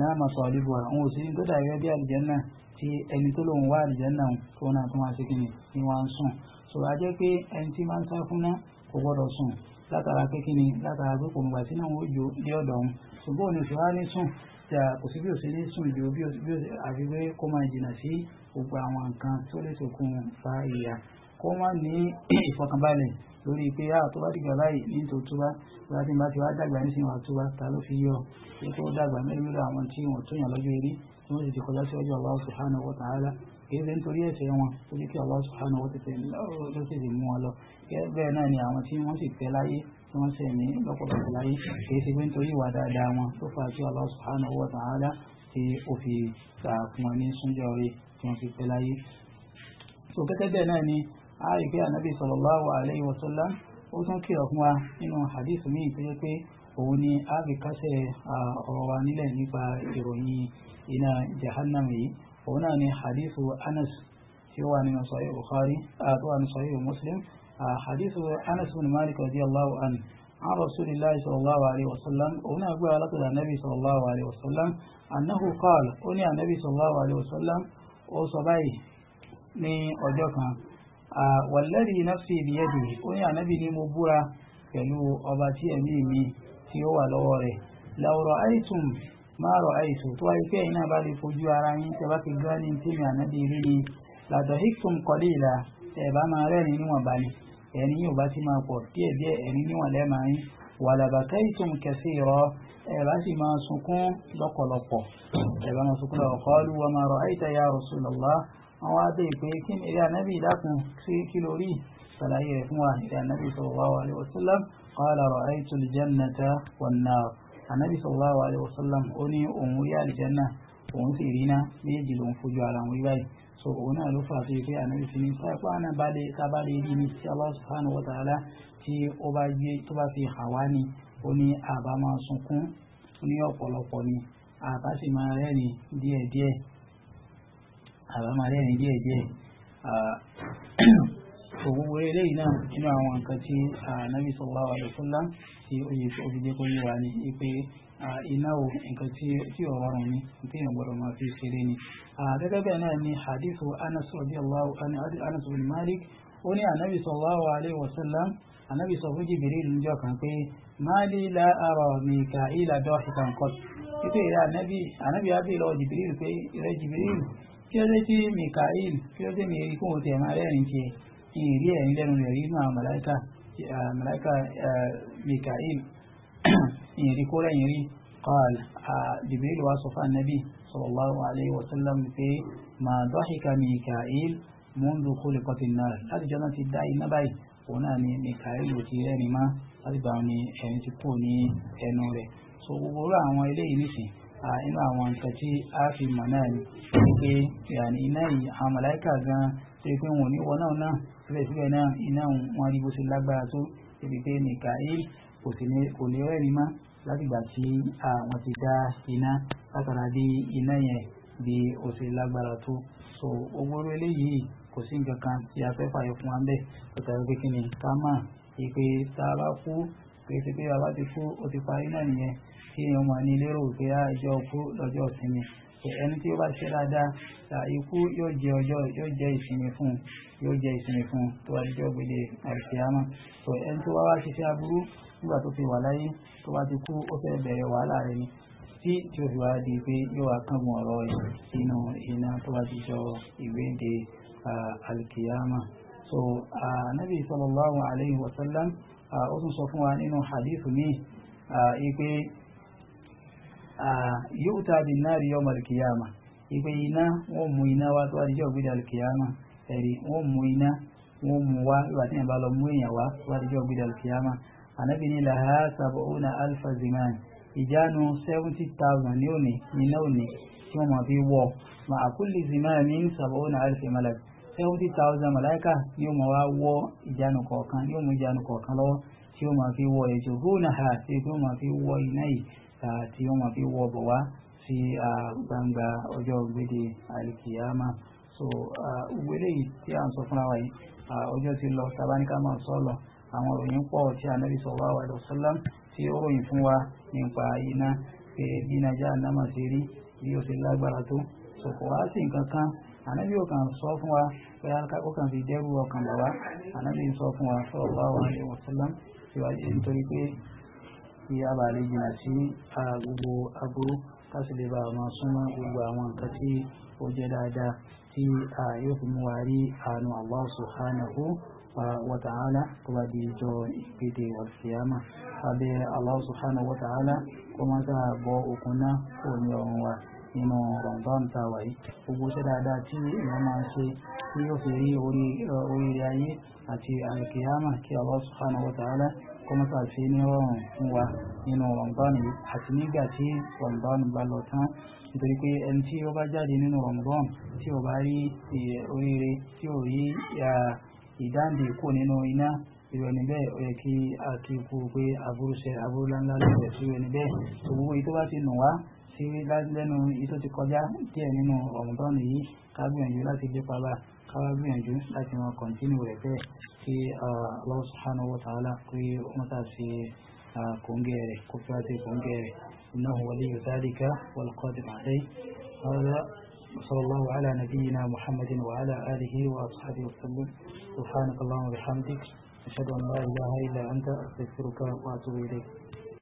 náà mà sọ àlebù wa òun ò sí tó dàgbé bí aljanna tí ẹni tó lóun wá aljanna òun náà tó máa ṣe kíni ń wá ń sùn sọ̀rọ̀ ajẹ́ pé ẹni tí máa ń sá fún náà kò gbọ́dọ̀ sùn látara pé kíni látara pé kò mọ̀gbà sínú àwọn ojú ní ọ̀dọ̀ òun ṣùgbọ́n òun ìṣòro á ní sùn tí a kò sí bí òṣèlú sùn ju bí àfiwé kó máa jìnnà sí gbogbo àwọn nǹkan tó lè ṣokùn fa ìyà kó má ní ìfọkànbalẹ̀ lórí pé a ah, tó bá dìgbà báyìí ní tó túbá bá ti bá ti wá dàgbà ní sinwó àtúbá ta ló fi yọ pé kó dàgbà mẹ́rin àwọn tí wọ́n tó yàn lọ́jọ́ eré tí wọ́n sì ti kọjá sí ọjọ́ Allah subhanahu wa ta'ala kìí ṣe nítorí ẹ̀ṣẹ̀ wọn tó ní kí Allah subhanahu wa ta'ala ló sì ti mú wọn lọ bẹ́ẹ̀ náà ni àwọn tí wọ́n sì tẹ́ láyé tí wọ́n sì ní lọ́pọ̀lọpọ̀ láyé kìí ṣe pé nítorí ìwà dáadáa wọn tó fà sí Allah subhanahu wa ta'ala tí ó fi gbà fún wọn ní súnjọ́ rẹ̀ tí wọ́n fi tẹ́ láyé. so gẹ́gẹ́ bẹ́ẹ̀ náà ni a rí pé ànábì sallallahu alayhi wa sallam ó tún kìlọ̀ fún wa nínú hadith míì tó yẹ pé òun ni a fi kásẹ̀ ọ̀rọ̀ wa nílẹ̀ nípa ìròyìn iná jahannam yìí òun náà ni hadith anas tí ó wà nínú sahih bukhari tó wà nínú sahih muslim hadith anas bin malik radiyallahu anhu عن رسول الله صلى الله عليه وسلم هنا أقول لقد النبي صلى الله عليه وسلم أنه قال هنا النبي صلى الله عليه وسلم أصبعي ni ọjọ́ kan wàlẹ́rì nafsi biyadi ó ní ànábì ní mo búra pẹ̀lú ọba tí ẹ̀mí mi tí ó wà lọ́wọ́ rẹ̀ làwòrán àìsùn máa rọ̀ àìsùn tó wáyé pé ẹ̀yin náà bá lè fojú ara yín tẹ́ bá ti gán ní tí mi ànábì rí ni làdọ̀híkùn kọ́lé ìlà ẹ̀ bá máa rẹ́rìn níwọ̀n balẹ̀ ẹ̀rín yóò bá ti máa pọ̀ díẹ̀ díẹ̀ ẹ̀rín níwọ̀n lẹ́ẹ̀máa yín wàlàbàkẹ́yìtùm kẹsì rọ ẹ̀bá sì máa sunkún lọ́pọ̀lọpọ̀ ẹ̀bá máa sunkún lọ́pọ̀lọpọ̀ wọ́n máa rọ àìtàyà rọ̀ṣùlọ́lá wọ́n wá dé pé kí ni eré anábì dákun sí kí lórí ṣàlàyé rẹ̀ fún wa eré anábì sallallahu alaihi wasallam qala ra'aytu al-jannata wan-nar anábì sallallahu alaihi wasallam ó ní òun rí àlìjánná òun sì rí iná méjì ló ń fojú ara wọn báyìí so òun náà ló fà sí pé anábì fi ní sápá náà bá lè rí ní tí Allah subhanahu wa ta'ala tí ó bá gbé tó bá fi hà wá ni ó ní àbá máa sunkún ní ọ̀pọ̀lọpọ̀ ni àbá sì máa rẹ́rìn díẹ̀díẹ̀ àbámarẹ́ ní díẹ̀ díẹ̀ òwúwo eléyìí náà nínú àwọn nǹkan tí Ànábì sallallahu alaihi wasallam tí oye tí obìnrin kò yíwa ni pé iná o nǹkan tí ò rọrùn ni tí èèyàn gbọdọ̀ máa fi ṣeré ni. gẹ́gẹ́ bẹ́ẹ̀ náà ni hadithu Anas radiyallahu Anas bin Malik ó ní Ànábì sallallahu alaihi wasallam Ànábì sọ fún Jibril níjọ́ kan pé máàlì la ara Mika'ila dọ́ọ̀ṣì kan kọ́ títí ìrẹ́ Ànábì Ànábì á bèèrè pé ìrẹ́ Jibril kí ló dé tí mikael kí ló dé mi rí kóhun tiẹ̀ máa rẹ́rìn ṣe kí n rí ẹ̀rín lẹ́nu rẹ̀ rí nínú àwọn màláìka màláìka mikael n rí kó rẹ́yìn rí qal jibril wa sọ fún anabi sallallahu alayhi wa sallam pé ma dọ́ṣìkà mikael mundu khuliqatin nar láti jọ́nà ti dá iná báyìí òun náà ni mikael ò ti rẹ́rìn má láti gbà ní ti kú ní ẹnu rẹ̀ so gbogbo àwọn eléyìí nìsín inú àwọn nǹkan tí a fi mọ̀ náà ni wípé iná yìí àwọn màláìkà gan tó yẹ pé wọn ò ní wọnà náà síbẹ̀síbẹ̀ náà iná wọn rí bó ṣe lágbára tó ibi pé Mikael kò sì ní kò ní rẹ́ẹ̀rí mọ́ látìgbà tí àwọn ti dá iná látara bí iná yẹn bí ó ṣe lágbára tó so gbogbo eléyìí kò sí nǹkan kan tí a fẹ́ fààyè fún wa bẹ́ẹ̀ kò tẹ̀lé pé kí ni ká mọ̀ pé tá a bá kú pé ṣe pé bàbá ti kú ó ti parí náà nìyẹn kí ni wọ́n ní lérò pé á ah, ìjọ kú lọ́jọ́ ìsinmi ẹni tí ó bá ṣe dáadáa ta ikú yóò jẹ ọjọ́ yóò jẹ ìsinmi fún yóò jẹ ìsinmi fún tó wà níjọ́ gbélé àìsíámà tó ẹni tó wá wá ṣiṣẹ́ aburú nígbà tó fi wà láyé tó bá ti kú ó fẹ́ bẹ̀rẹ̀ wàhálà rẹ̀ ni tí tí ó fi wá di pé yóò wá kángun ọ̀rọ̀ inú iná tó bá ti jọ ìgbéǹde alkiyama so anabi sallallahu alayhi wa sallam ó tún sọ fún wa nínú hadith mi ipe yóò tàbí náà rí yawmal qiyamah ìpè iná wọ́n mú iná wá tó wá dijọ́ gbé alkiyama ẹ̀rí wọ́n mú iná wọ́n mú wá ìwà tí yẹn bá lọ mú èèyàn wá tó wá dijọ́ gbé alkiyama ànábì ní laha sab'una alfa ziman ìjánu seventy thousand ní òní iná òní tí wọ́n mọ̀ fi wọ̀ mà àkúlì ziman ní sab'una alfa malak seventy thousand malaika ni ó mọ̀ wá wọ́ ìjánu kọ̀ọ̀kan ni ó mú ìjánu kọ̀ọ̀kan lọ́wọ́ tí ó mọ̀ fi wọ ètò hónà tí ó mọ̀ fi wọ iná yìí tí wọ́n máa fi wọ́ bọ̀ wá sí gbangba ọjọ́ gbèdé àlìkìyàmà so gbogbo eléyìí tí à ń sọ fúnra wa yìí ọjọ́ ti lọ tabaníkà máa sọ lọ àwọn òyìn pọ̀ tí ànábì sallallahu alaihi wasallam tí ó ròyìn fún wa nípa iná pé bíná jahannama ṣe rí bí ó ti lágbára tó so kò wá sí nǹkan kan ànábì ò kàn sọ fún wa pé ó kàn fi dẹ́rù ọkàn bàbá ànábì sọ fún wa sallallahu alaihi wasallam síwájú nítorí pé kí a bá lè jìnà sí gbogbo aburú ká sì lè bá máa súnmọ́ gbogbo àwọn nǹkan tí ó jẹ́ dáadáa tí yóò fi mú wa rí àánú Allah subhanahu wa ta'ala tó bá di ìjọ ìpèdè al abẹ́ Allah subhanahu wa ta'ala kó má sáà bọ́ òkun náà kò ní ọ̀run wa nínú Ramadan tá wà yìí gbogbo iṣẹ́ dáadáa tí èèyàn máa ń ṣe tí yóò fi rí oríire ayé àti al kí Allah subhanahu wa ta'ala kọ́mọ́sá ṣe ní rọrùn fún wa nínú Ramadan yìí àti nígbà tí Ramadan bá lọ tán nítorí pé ẹni tí ó bá jáde nínú Ramadan tí ò bá rí e, oríire tí ò rí ìdáǹdè kò nínú iná ìrọ̀ níbẹ̀ ó yẹ kí a kí kú pé aburú ṣe aburú láńlá lọ́wọ́ sí ìrọ̀ níbẹ̀ gbogbo èyí tó bá ti nù wá sí lẹ́nu èyí tó ti kọjá díẹ̀ nínú Ramadan yìí ká gbìyànjú láti lépa bá probably and you that you know continue with it ki Allah subhanahu wa ta'ala ki umata si إنه ولي ذلك والقادر عليه هذا وصلى الله على نبينا محمد وعلى آله وأصحابه وسلم سبحانك اللهم وبحمدك أشهد أن لا إله إلا أنت أستغفرك وأتوب إليك